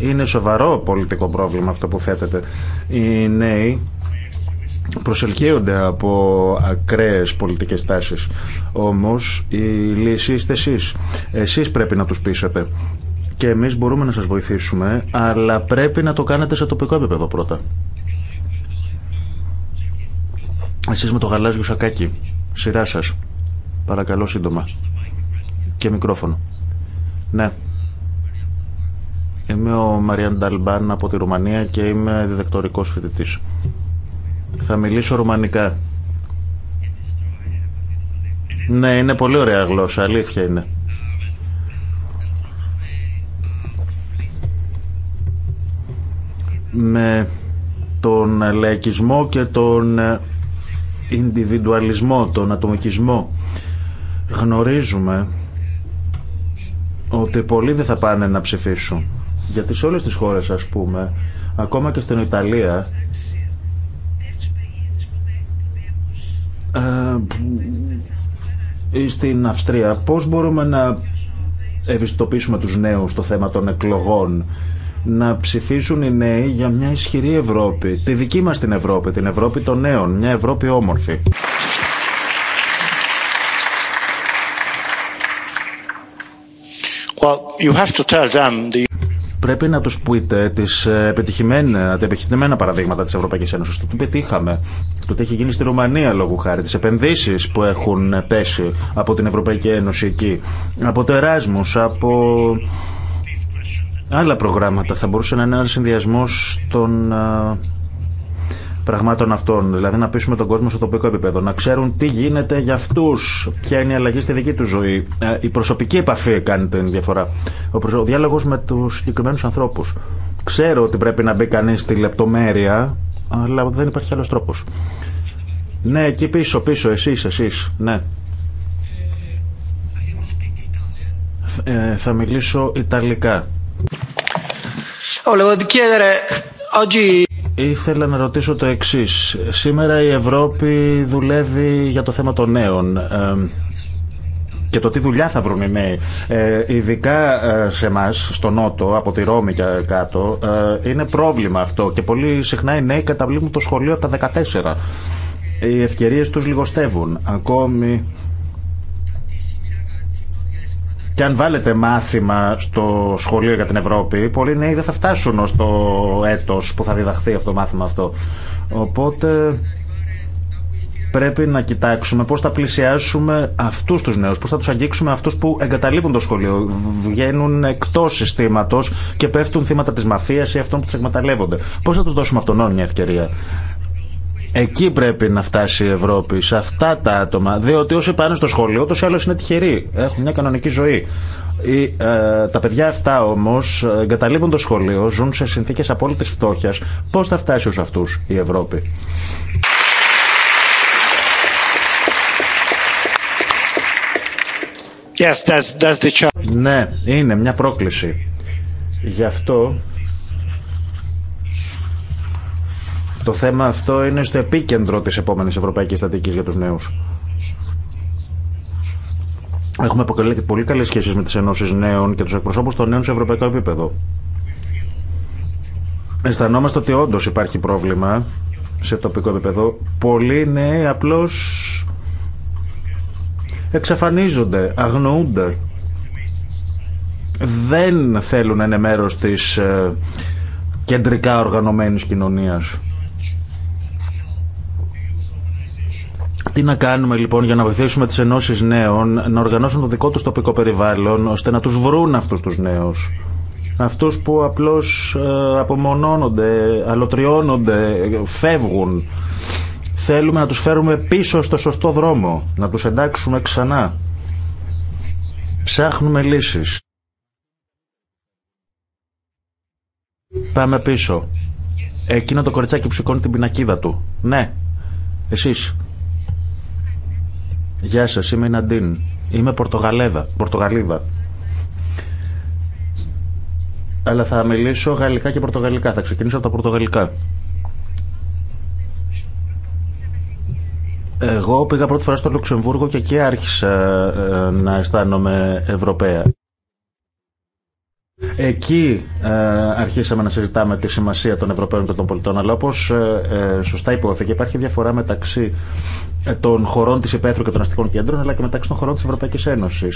είναι σοβαρό πολιτικό πρόβλημα αυτό που θέτεται. Οι νέοι προσελκύονται από ακραίες πολιτικές τάσεις. Όμως η λύση είστε εσείς. Εσείς πρέπει να τους πείσετε. Και εμείς μπορούμε να σας βοηθήσουμε, αλλά πρέπει να το κάνετε σε τοπικό επίπεδο πρώτα. Εσεί με το γαλάζιο σακάκι, σειρά σα. Παρακαλώ σύντομα. Και μικρόφωνο. Ναι. Είμαι ο Μαριάν Νταλμπάν από τη Ρουμανία και είμαι διδακτορικός φοιτητής. Θα μιλήσω ρουμανικά. Ναι, είναι πολύ ωραία γλώσσα, αλήθεια είναι. με τον λαϊκισμό και τον ιντιβιντουαλισμό, τον ατομικισμό. Γνωρίζουμε ότι πολλοί δεν θα πάνε να ψηφίσουν. Γιατί σε όλες τις χώρες ας πούμε, ακόμα και στην Ιταλία, ε, ή στην Αυστρία, πώς μπορούμε να ευαισθητοποιήσουμε τους νέους στο θέμα των εκλογών να ψηφίσουν οι νέοι για μια ισχυρή Ευρώπη. Τη δική μας την Ευρώπη, την Ευρώπη των νέων, μια Ευρώπη όμορφη. Well, you have to tell them the... Πρέπει να τους πείτε τις ε, επιτυχημένα, τα επιτυχημένα παραδείγματα της Ευρωπαϊκής Ένωσης. Το τι πετύχαμε, το τι έχει γίνει στη Ρουμανία λόγω χάρη, τις επενδύσεις που έχουν πέσει από την Ευρωπαϊκή Ένωση εκεί, από το Εράσμους, από άλλα προγράμματα. Θα μπορούσε να είναι ένα συνδυασμό των πραγμάτων αυτών. Δηλαδή να πείσουμε τον κόσμο στο τοπικό επίπεδο, να ξέρουν τι γίνεται για αυτού, ποια είναι η αλλαγή στη δική του ζωή. Ε, η προσωπική επαφή κάνει την διαφορά. Ο διάλογο με του συγκεκριμένου ανθρώπου. Ξέρω ότι πρέπει να μπει κανεί στη λεπτομέρεια, αλλά δεν υπάρχει άλλο τρόπο. Ναι, εκεί πίσω, πίσω, εσείς, εσείς, ναι. Ε, θα μιλήσω Ιταλικά. Ήθελα να ρωτήσω το εξή. Σήμερα η Ευρώπη δουλεύει για το θέμα των νέων και το τι δουλειά θα βρουν οι νέοι. Ε, ειδικά ε, σε εμά, στο Νότο, από τη Ρώμη και κάτω, ε, είναι πρόβλημα αυτό. Και πολύ συχνά οι νέοι καταβλύνουν το σχολείο από τα 14. Οι ευκαιρίε του λιγοστεύουν. Ακόμη και αν βάλετε μάθημα στο σχολείο για την Ευρώπη, πολλοί νέοι δεν θα φτάσουν στο το έτος που θα διδαχθεί αυτό το μάθημα αυτό. Οπότε πρέπει να κοιτάξουμε πώς θα πλησιάσουμε αυτούς τους νέους, πώς θα τους αγγίξουμε αυτούς που εγκαταλείπουν το σχολείο, βγαίνουν εκτός συστήματος και πέφτουν θύματα της μαφίας ή αυτών που τους εκμεταλλεύονται. Πώς θα τους δώσουμε αυτόν μια ευκαιρία. Εκεί πρέπει να φτάσει η Ευρώπη, σε αυτά τα άτομα. Διότι όσοι πάνε στο σχολείο, του άλλω είναι τυχεροί. Έχουν μια κανονική ζωή. Οι, ε, τα παιδιά αυτά όμω ε, εγκαταλείπουν το σχολείο, ζουν σε συνθήκε απόλυτη φτώχεια. Πώ θα φτάσει ω αυτού η Ευρώπη. Yes, that's, that's the ναι, είναι μια πρόκληση. Γι' αυτό Το θέμα αυτό είναι στο επίκεντρο της επόμενης Ευρωπαϊκής Στατικής για τους νέους. Έχουμε πολύ καλές σχέσεις με τις ενώσεις νέων και τους εκπροσώπους των νέων σε ευρωπαϊκό επίπεδο. Αισθανόμαστε ότι όντω υπάρχει πρόβλημα σε τοπικό επίπεδο. Πολλοί νέοι απλώς εξαφανίζονται, αγνοούνται. Δεν θέλουν να είναι μέρος της ε, κεντρικά οργανωμένης κοινωνίας. Τι να κάνουμε λοιπόν για να βοηθήσουμε τις ενώσει νέων να οργανώσουν το δικό τους τοπικό περιβάλλον ώστε να τους βρουν αυτού τους νέους. Αυτούς που απλώς ε, απομονώνονται, αλωτριώνονται, φεύγουν. Θέλουμε να τους φέρουμε πίσω στο σωστό δρόμο, να τους εντάξουμε ξανά. Ψάχνουμε λύσεις. Πάμε πίσω. Εκείνο το κοριτσάκι που την πινακίδα του. Ναι, εσείς Γεια σα, είμαι η Ναντίν. Είμαι Πορτογαλέδα, Πορτογαλίδα. Αλλά θα μιλήσω γαλλικά και πορτογαλικά. Θα ξεκινήσω από τα πορτογαλικά. Εγώ πήγα πρώτη φορά στο Λουξεμβούργο και εκεί άρχισα ε, να αισθάνομαι Ευρωπαία. Εκεί ε, αρχίσαμε να συζητάμε τη σημασία των Ευρωπαίων και των πολιτών, αλλά όπω ε, ε, σωστά υπόθηκε, υπάρχει διαφορά μεταξύ ε, των χωρών τη υπαίθρου και των αστικών κέντρων, αλλά και μεταξύ των χωρών τη Ευρωπαϊκή Ένωση.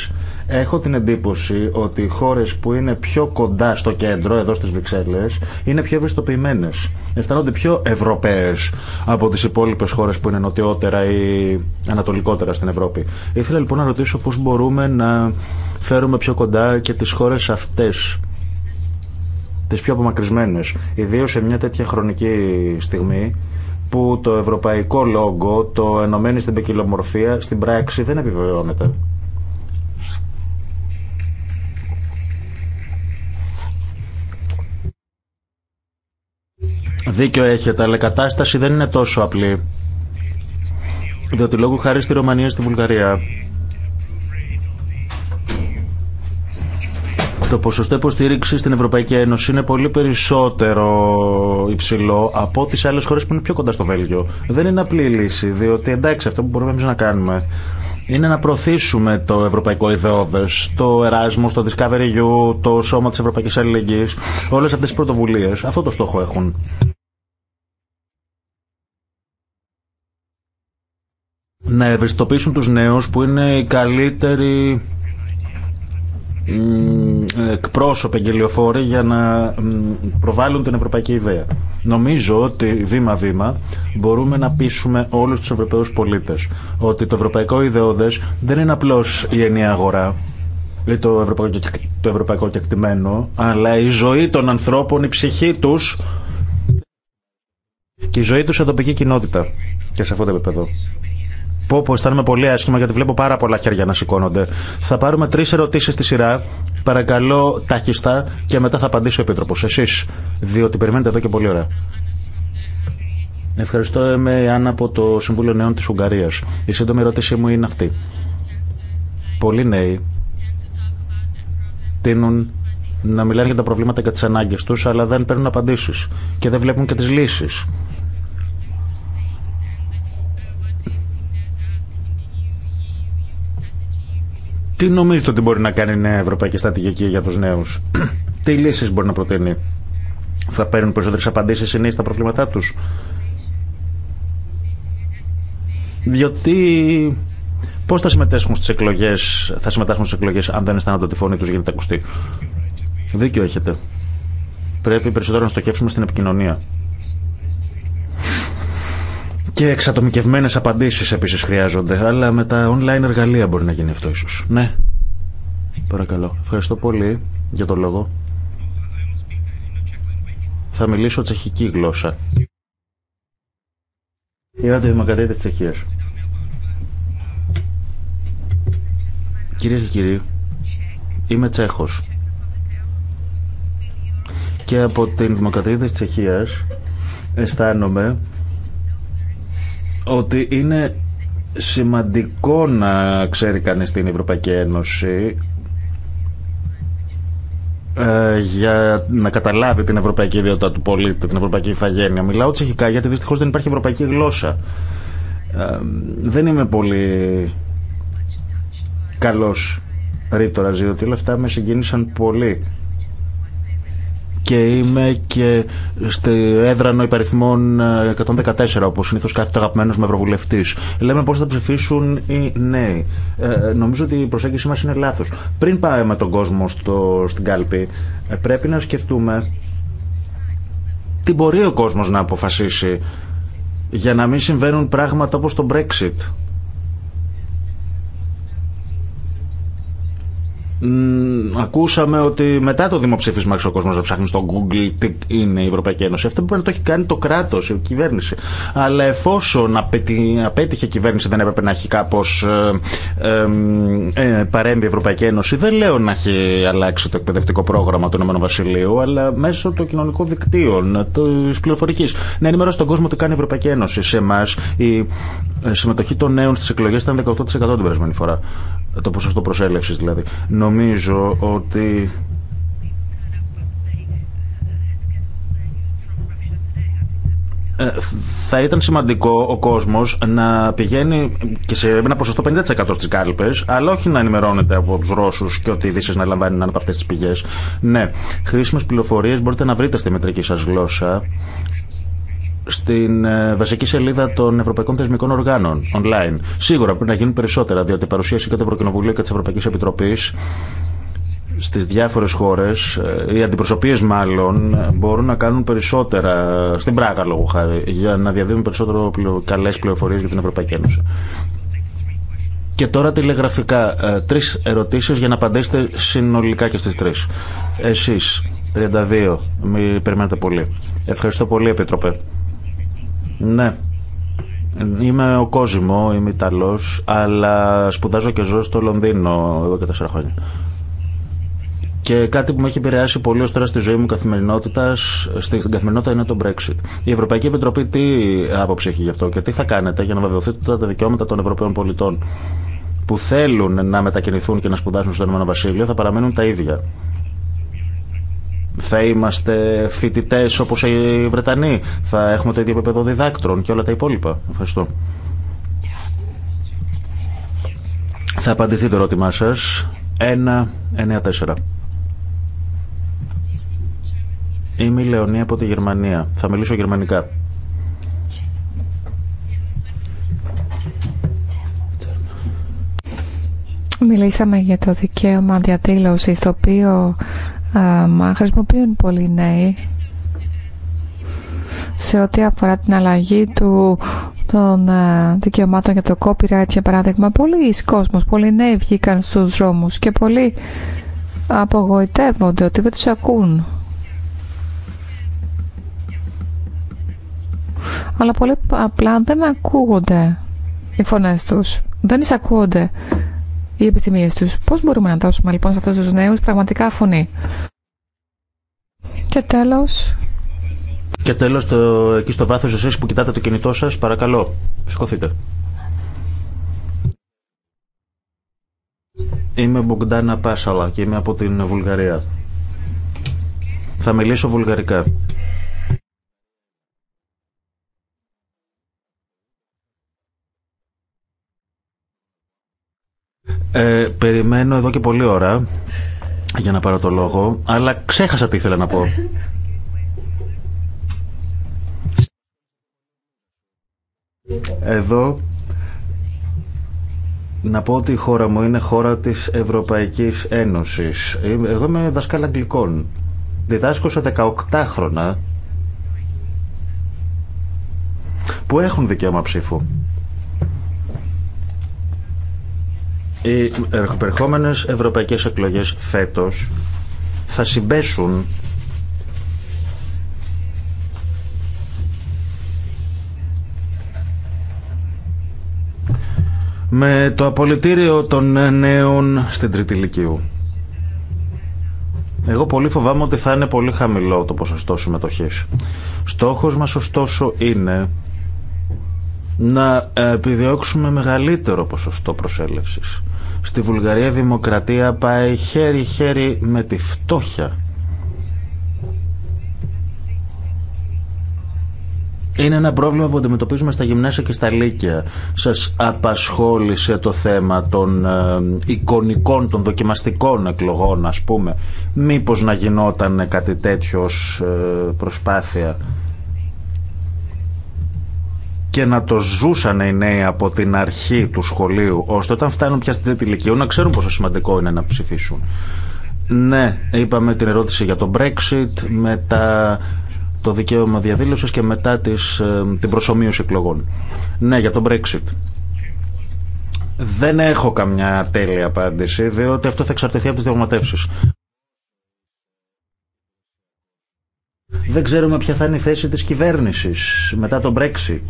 Έχω την εντύπωση ότι οι χώρε που είναι πιο κοντά στο κέντρο, εδώ στι Βρυξέλλε, είναι πιο ευαισθητοποιημένε. Αισθάνονται πιο Ευρωπαίε από τι υπόλοιπε χώρε που είναι νοτιότερα ή ανατολικότερα στην Ευρώπη. Ήθελα λοιπόν να ρωτήσω πώ μπορούμε να φέρουμε πιο κοντά και τι χώρε αυτέ τις πιο απομακρυσμένες, ιδίως σε μια τέτοια χρονική στιγμή που το ευρωπαϊκό λόγο, το ενωμένο στην ποικιλομορφία, στην πράξη δεν επιβεβαιώνεται. Δίκιο έχετε, αλλά η κατάσταση δεν είναι τόσο απλή. Διότι λόγω χάρη στη Ρωμανία, στη Βουλγαρία, Το ποσοστό υποστήριξη στην Ευρωπαϊκή Ένωση είναι πολύ περισσότερο υψηλό από τι άλλε χώρε που είναι πιο κοντά στο Βέλγιο. Δεν είναι απλή λύση, διότι εντάξει, αυτό που μπορούμε εμεί να κάνουμε είναι να προωθήσουμε το ευρωπαϊκό ιδεώδε, το Erasmus, το Discovery U, το Σώμα τη Ευρωπαϊκή Αλληλεγγύη. Όλε αυτέ τι πρωτοβουλίε αυτό το στόχο έχουν. Να ευαισθητοποιήσουν τους νέους που είναι οι καλύτεροι εκπρόσωποι εγγελιοφόροι για να προβάλλουν την ευρωπαϊκή ιδέα. Νομίζω ότι βήμα-βήμα μπορούμε να πείσουμε όλους τους Ευρωπαίους πολίτες ότι το ευρωπαϊκό ιδεώδες δεν είναι απλώς η ενιαία αγορά ή το ευρωπαϊκό, το ευρωπαϊκό κεκτημένο, αλλά η ζωή των ανθρώπων, η ψυχή τους και η ζωή τους σε τοπική κοινότητα και σε αυτό το επίπεδο. Πω πω αισθάνομαι πολύ άσχημα γιατί βλέπω πάρα πολλά χέρια να σηκώνονται. Θα πάρουμε τρει ερωτήσει στη σειρά. Παρακαλώ τάχιστα και μετά θα απαντήσει ο Επίτροπο. Εσεί, διότι περιμένετε εδώ και πολύ ωραία. Ευχαριστώ. Είμαι η Άννα από το Συμβούλιο Νέων τη Ουγγαρία. Η σύντομη ερώτησή μου είναι αυτή. Πολλοί νέοι τείνουν να μιλάνε για τα προβλήματα και τι ανάγκε του, αλλά δεν παίρνουν απαντήσει και δεν βλέπουν και τι λύσει. Τι νομίζετε ότι μπορεί να κάνει η νέα ευρωπαϊκή στρατηγική για του νέου. Τι λύσει μπορεί να προτείνει. Θα παίρνουν περισσότερε απαντήσει οι νέοι στα προβλήματά του. Διότι πώ θα συμμετέχουν στις εκλογέ, θα συμμετάσχουν στις εκλογές αν δεν αισθάνονται ότι η φωνή τους γίνεται ακουστή. Δίκιο έχετε. Πρέπει περισσότερο να στοχεύσουμε στην επικοινωνία. Και εξατομικευμένε απαντήσει επίσης χρειάζονται, αλλά με τα online εργαλεία μπορεί να γίνει αυτό ίσω. Ναι. Παρακαλώ. Ευχαριστώ πολύ για το λόγο. Θα μιλήσω τσεχική γλώσσα. Είμαι τη Δημοκρατία της Τσεχίας. και κύριοι, είμαι Τσέχος. Και από την Δημοκρατία τη Τσεχίας αισθάνομαι ότι είναι σημαντικό να ξέρει κανείς την Ευρωπαϊκή Ένωση ε, για να καταλάβει την ευρωπαϊκή ιδιότητα του πολίτη, την ευρωπαϊκή ηθαγένεια. Μιλάω τσεχικά γιατί δυστυχώ δεν υπάρχει ευρωπαϊκή γλώσσα. Ε, δεν είμαι πολύ καλός ρήτορα, διότι όλα αυτά με συγκίνησαν πολύ και είμαι και στη έδρανο υπαριθμών 114, ε, όπως συνήθως κάθεται αγαπημένος με ευρωβουλευτής. Λέμε πώς θα ψηφίσουν οι νέοι. Ε, ε, νομίζω ότι η προσέγγιση μας είναι λάθος. Πριν πάμε με τον κόσμο στο, στην κάλπη, πρέπει να σκεφτούμε τι μπορεί ο κόσμος να αποφασίσει για να μην συμβαίνουν πράγματα όπως το Brexit ακούσαμε ότι μετά το δημοψήφισμα ο κόσμο να ψάχνει στο Google τι είναι η Ευρωπαϊκή Ένωση. Αυτό μπορεί να το έχει κάνει το κράτο, η κυβέρνηση. Αλλά εφόσον απέτυχε η κυβέρνηση, δεν έπρεπε να έχει κάπω ε, ε, ε, παρέμβει η Ευρωπαϊκή Ένωση. Δεν λέω να έχει αλλάξει το εκπαιδευτικό πρόγραμμα του Ηνωμένου Βασιλείου, αλλά μέσω των κοινωνικών δικτύων, τη πληροφορική. Να ενημερώσει τον κόσμο τι κάνει η Ευρωπαϊκή Ένωση. Σε εμά η ε, συμμετοχή των νέων στι εκλογέ ήταν 18% την περασμένη φορά. Το ποσοστό προσέλευση δηλαδή. Νομίζω ότι ε, θα ήταν σημαντικό ο κόσμος να πηγαίνει και σε ένα ποσοστό 50% στις κάλπες, αλλά όχι να ενημερώνεται από τους Ρώσους και ότι οι ειδήσει να λαμβάνουν από αυτές τις πηγές. Ναι, χρήσιμες πληροφορίες μπορείτε να βρείτε στη μετρική σας γλώσσα στην ε, βασική σελίδα των Ευρωπαϊκών Θεσμικών Οργάνων online. Σίγουρα πρέπει να γίνουν περισσότερα, διότι η παρουσίαση και του Ευρωκοινοβουλίου και τη Ευρωπαϊκή Επιτροπή στις διάφορες χώρες, ε, οι αντιπροσωπείες μάλλον, ε, μπορούν να κάνουν περισσότερα, στην Πράγα λόγω χάρη, για να διαδίδουν περισσότερο καλές πληροφορίες για την Ευρωπαϊκή Ένωση. Και τώρα τηλεγραφικά, τρεις ερωτήσεις για να απαντήσετε συνολικά και στις τρεις. Εσείς, 32, μην περιμένετε πολύ. Ευχαριστώ πολύ, Επίτροπε. Ναι. Είμαι ο Κόσμο, είμαι Ιταλό, αλλά σπουδάζω και ζω στο Λονδίνο εδώ και τέσσερα χρόνια. Και κάτι που με έχει επηρεάσει πολύ ω τώρα στη ζωή μου καθημερινότητα, στην καθημερινότητα είναι το Brexit. Η Ευρωπαϊκή Επιτροπή τι άποψη έχει γι' αυτό και τι θα κάνετε για να βεβαιωθείτε τα δικαιώματα των Ευρωπαίων πολιτών που θέλουν να μετακινηθούν και να σπουδάσουν στο Ηνωμένο Βασίλειο θα παραμένουν τα ίδια. Θα είμαστε φοιτητέ όπω οι Βρετανοί. Θα έχουμε το ίδιο επίπεδο διδάκτρων και όλα τα υπόλοιπα. Ευχαριστώ. Θα απαντηθεί το ερώτημά σα. 1-9-4. Είμαι η Λεωνία από τη Γερμανία. Θα μιλήσω γερμανικά. Μιλήσαμε για το δικαίωμα διαδήλωση, το οποίο α, χρησιμοποιούν πολλοί νέοι σε ό,τι αφορά την αλλαγή του, των ε, δικαιωμάτων για το copyright για παράδειγμα πολλοί κόσμος, πολλοί νέοι βγήκαν στους δρόμους και πολλοί απογοητεύονται ότι δεν τους ακούν αλλά πολύ απλά δεν ακούγονται οι φωνές τους δεν εισακούονται οι επιθυμίε του. Πώς μπορούμε να δώσουμε λοιπόν σε αυτού του νέου πραγματικά φωνή. Και τέλος... Και τέλος, το, εκεί στο βάθος εσείς που κοιτάτε το κινητό σας, παρακαλώ, σηκωθείτε. Είμαι Μπογκντάνα Πάσαλα και είμαι από την Βουλγαρία. Θα μιλήσω βουλγαρικά. Ε, περιμένω εδώ και πολλή ώρα για να πάρω το λόγο, αλλά ξέχασα τι ήθελα να πω. Εδώ να πω ότι η χώρα μου είναι χώρα της Ευρωπαϊκής Ένωσης. Εγώ είμαι δασκάλα αγγλικών. Διδάσκω σε 18 χρόνια που έχουν δικαίωμα ψήφου. Οι ερχοπερχόμενες ευρωπαϊκές εκλογές φέτος θα συμπέσουν με το απολυτήριο των νέων στην Τρίτη ηλικίου. Εγώ πολύ φοβάμαι ότι θα είναι πολύ χαμηλό το ποσοστό συμμετοχής. Στόχος μας ωστόσο είναι να ε, επιδιώξουμε μεγαλύτερο ποσοστό προσέλευσης. Στη Βουλγαρία δημοκρατία πάει χέρι-χέρι με τη φτώχεια. Είναι ένα πρόβλημα που αντιμετωπίζουμε στα γυμνάσια και στα λύκεια. Σας απασχόλησε το θέμα των ε, εικονικών, των δοκιμαστικών εκλογών, ας πούμε. Μήπως να γινόταν κάτι τέτοιο ε, προσπάθεια και να το ζούσαν οι νέοι από την αρχή του σχολείου, ώστε όταν φτάνουν πια στην τρίτη ηλικία να ξέρουν πόσο σημαντικό είναι να ψηφίσουν. Ναι, είπαμε την ερώτηση για το Brexit, μετά το δικαίωμα διαδήλωση και μετά τις, ε, την προσωμείωση εκλογών. Ναι, για το Brexit. Δεν έχω καμιά τέλεια απάντηση, διότι αυτό θα εξαρτηθεί από τι διαπραγματεύσει. Δεν ξέρουμε ποια θα είναι η θέση της κυβέρνησης μετά το Brexit,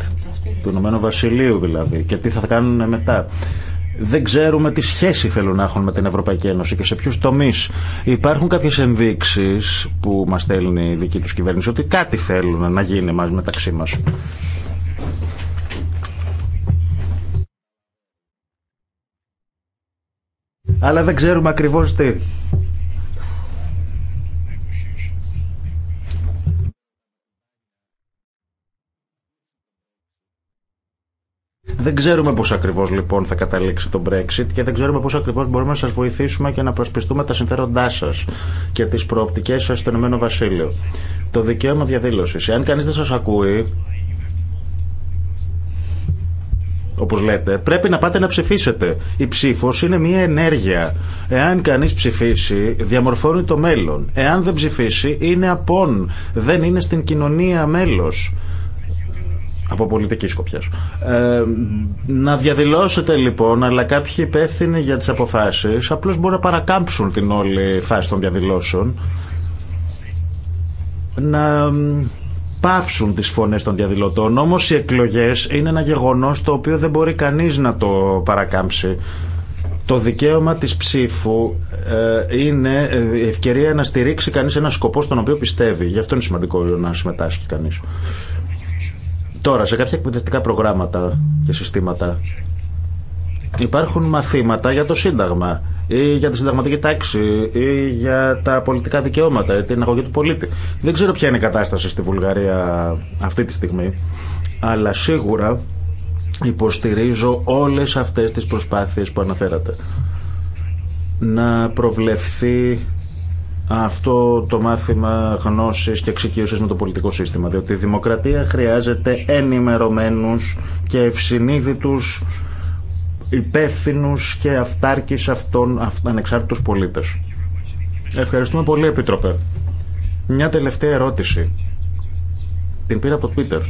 του Ηνωμένου Βασιλείου δηλαδή, και τι θα κάνουν μετά. Δεν ξέρουμε τι σχέση θέλουν να έχουν με την Ευρωπαϊκή Ένωση και σε ποιου τομεί. Υπάρχουν κάποιε ενδείξει που μα στέλνει η δική του κυβέρνηση ότι κάτι θέλουν να γίνει μας μεταξύ μα. Αλλά δεν ξέρουμε ακριβώ τι. Δεν ξέρουμε πώ ακριβώ λοιπόν θα καταλήξει το Brexit και δεν ξέρουμε πώ ακριβώ μπορούμε να σα βοηθήσουμε και να προσπιστούμε τα συμφέροντά σα και τι προοπτικέ σα στο Ηνωμένο Βασίλειο. Το δικαίωμα διαδήλωση. Εάν κανεί δεν σα ακούει, όπω λέτε, πρέπει να πάτε να ψηφίσετε. Η ψήφο είναι μια ενέργεια. Εάν κανεί ψηφίσει, διαμορφώνει το μέλλον. Εάν δεν ψηφίσει, είναι απόν. Δεν είναι στην κοινωνία μέλο. Από πολιτική σκοπιά. Ε, να διαδηλώσετε λοιπόν, αλλά κάποιοι υπεύθυνοι για τι αποφάσει απλώ μπορούν να παρακάμψουν την όλη φάση των διαδηλώσεων. Να πάυσουν τις φωνές των διαδηλωτών. Όμως οι εκλογές είναι ένα γεγονός το οποίο δεν μπορεί κανείς να το παρακάμψει. Το δικαίωμα της ψήφου ε, είναι ε, η ευκαιρία να στηρίξει κανείς ένα σκοπό στον οποίο πιστεύει. Γι' αυτό είναι σημαντικό να συμμετάσχει κανείς. Τώρα, σε κάποια εκπαιδευτικά προγράμματα και συστήματα υπάρχουν μαθήματα για το Σύνταγμα ή για τη συνταγματική τάξη ή για τα πολιτικά δικαιώματα, η την αγωγή του πολίτη. Δεν ξέρω ποια είναι η κατάσταση στη Βουλγαρία αυτή τη στιγμή, αλλά σίγουρα υποστηρίζω όλες αυτές τις προσπάθειες που αναφέρατε. Να προβλεφθεί αυτό το μάθημα γνώσης και εξοικείωσης με το πολιτικό σύστημα, διότι η δημοκρατία χρειάζεται ενημερωμένους και ευσυνείδητους υπεύθυνου και αυτάρκης αυτών ανεξάρτητους πολίτες. Ευχαριστούμε πολύ, Επίτροπε. Μια τελευταία ερώτηση. Την πήρα από το Twitter.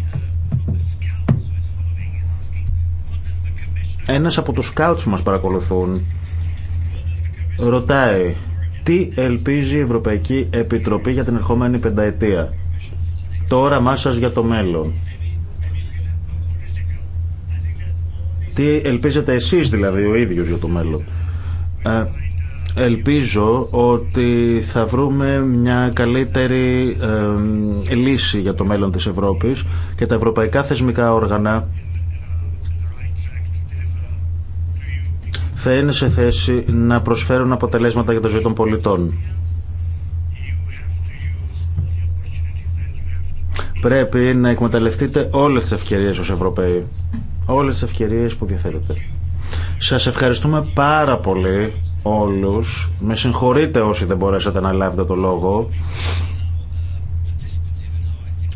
Ένας από τους σκάουτς που μας παρακολουθούν ρωτάει τι ελπίζει η Ευρωπαϊκή Επιτροπή για την ερχόμενη πενταετία. Το όραμά σας για το μέλλον. Τι ελπίζετε εσείς δηλαδή ο ίδιο για το μέλλον. Ε, ελπίζω ότι θα βρούμε μια καλύτερη ε, λύση για το μέλλον της Ευρώπης και τα ευρωπαϊκά θεσμικά όργανα θα είναι σε θέση να προσφέρουν αποτελέσματα για το ζωή των πολιτών. Πρέπει να εκμεταλλευτείτε όλες τις ευκαιρίες ως Ευρωπαίοι. Όλες τις ευκαιρίες που διαθέτετε. Σας ευχαριστούμε πάρα πολύ όλους. Με συγχωρείτε όσοι δεν μπορέσατε να λάβετε το λόγο.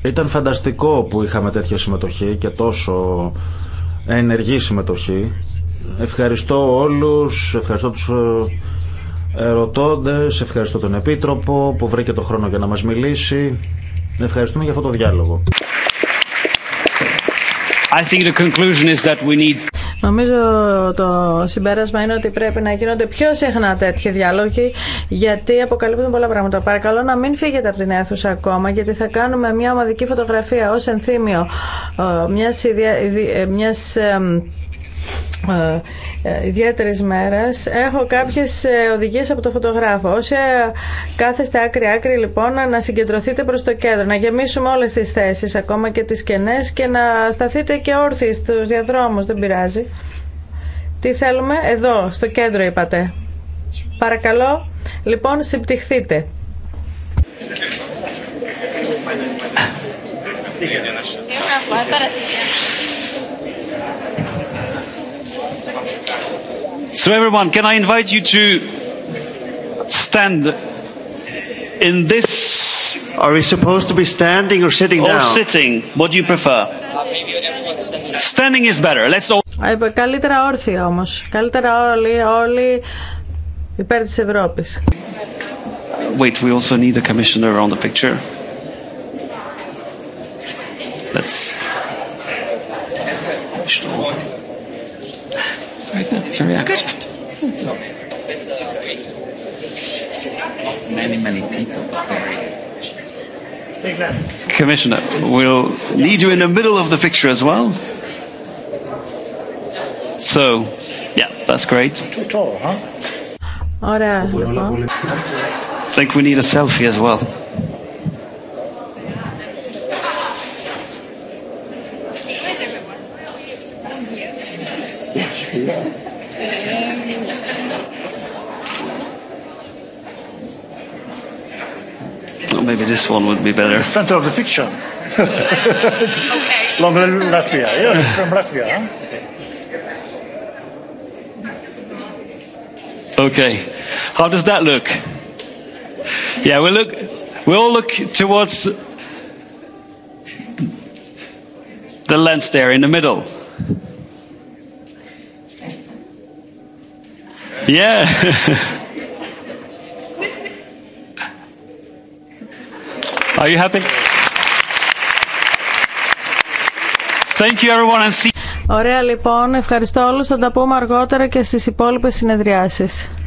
Ήταν φανταστικό που είχαμε τέτοια συμμετοχή και τόσο ενεργή συμμετοχή. Ευχαριστώ όλους, ευχαριστώ τους ε, ερωτώντες, ευχαριστώ τον Επίτροπο που βρήκε το χρόνο για να μας μιλήσει. Ευχαριστούμε για αυτό το διάλογο. I think the conclusion is that we need... Νομίζω το συμπέρασμα είναι ότι πρέπει να γίνονται πιο συχνά τέτοιοι διάλογοι, γιατί αποκαλύπτουν πολλά πράγματα. Παρακαλώ να μην φύγετε από την αίθουσα ακόμα, γιατί θα κάνουμε μια ομαδική φωτογραφία ως ενθύμιο ε, μιας, ε, μιας ε, ε, ιδιαίτερης μέρας έχω κάποιες ε, οδηγίες από το φωτογράφο όσοι κάθεστε άκρη-άκρη λοιπόν να συγκεντρωθείτε προς το κέντρο να γεμίσουμε όλες τις θέσεις ακόμα και τις κενές και να σταθείτε και όρθιοι στους διαδρόμους δεν πειράζει τι θέλουμε εδώ στο κέντρο είπατε παρακαλώ λοιπόν συμπτυχθείτε So everyone, can I invite you to stand in this? Are we supposed to be standing or sitting down? Or sitting? What do you prefer? Standing is better. Let's all. Καλύτερα όρθιοι όμως. Καλύτερα όλοι, όλοι υπέρ της Ευρώπης. Wait, we also need a commissioner on the picture. Let's. Good. Many, many people, Commissioner, we'll need you in the middle of the picture as well. So, yeah, that's great. Too tall, huh? Oh, I think we need a selfie as well. Yeah. Maybe this one would be better. Center of the picture. okay. Longer Latvia. Yeah, from Latvia. Okay. How does that look? Yeah, we look. We all look towards the lens there in the middle. Yeah. Are you happy? Thank you everyone and see Ωραία λοιπόν, ευχαριστώ όλους. Θα τα πούμε αργότερα και στις υπόλοιπες συνεδριάσεις.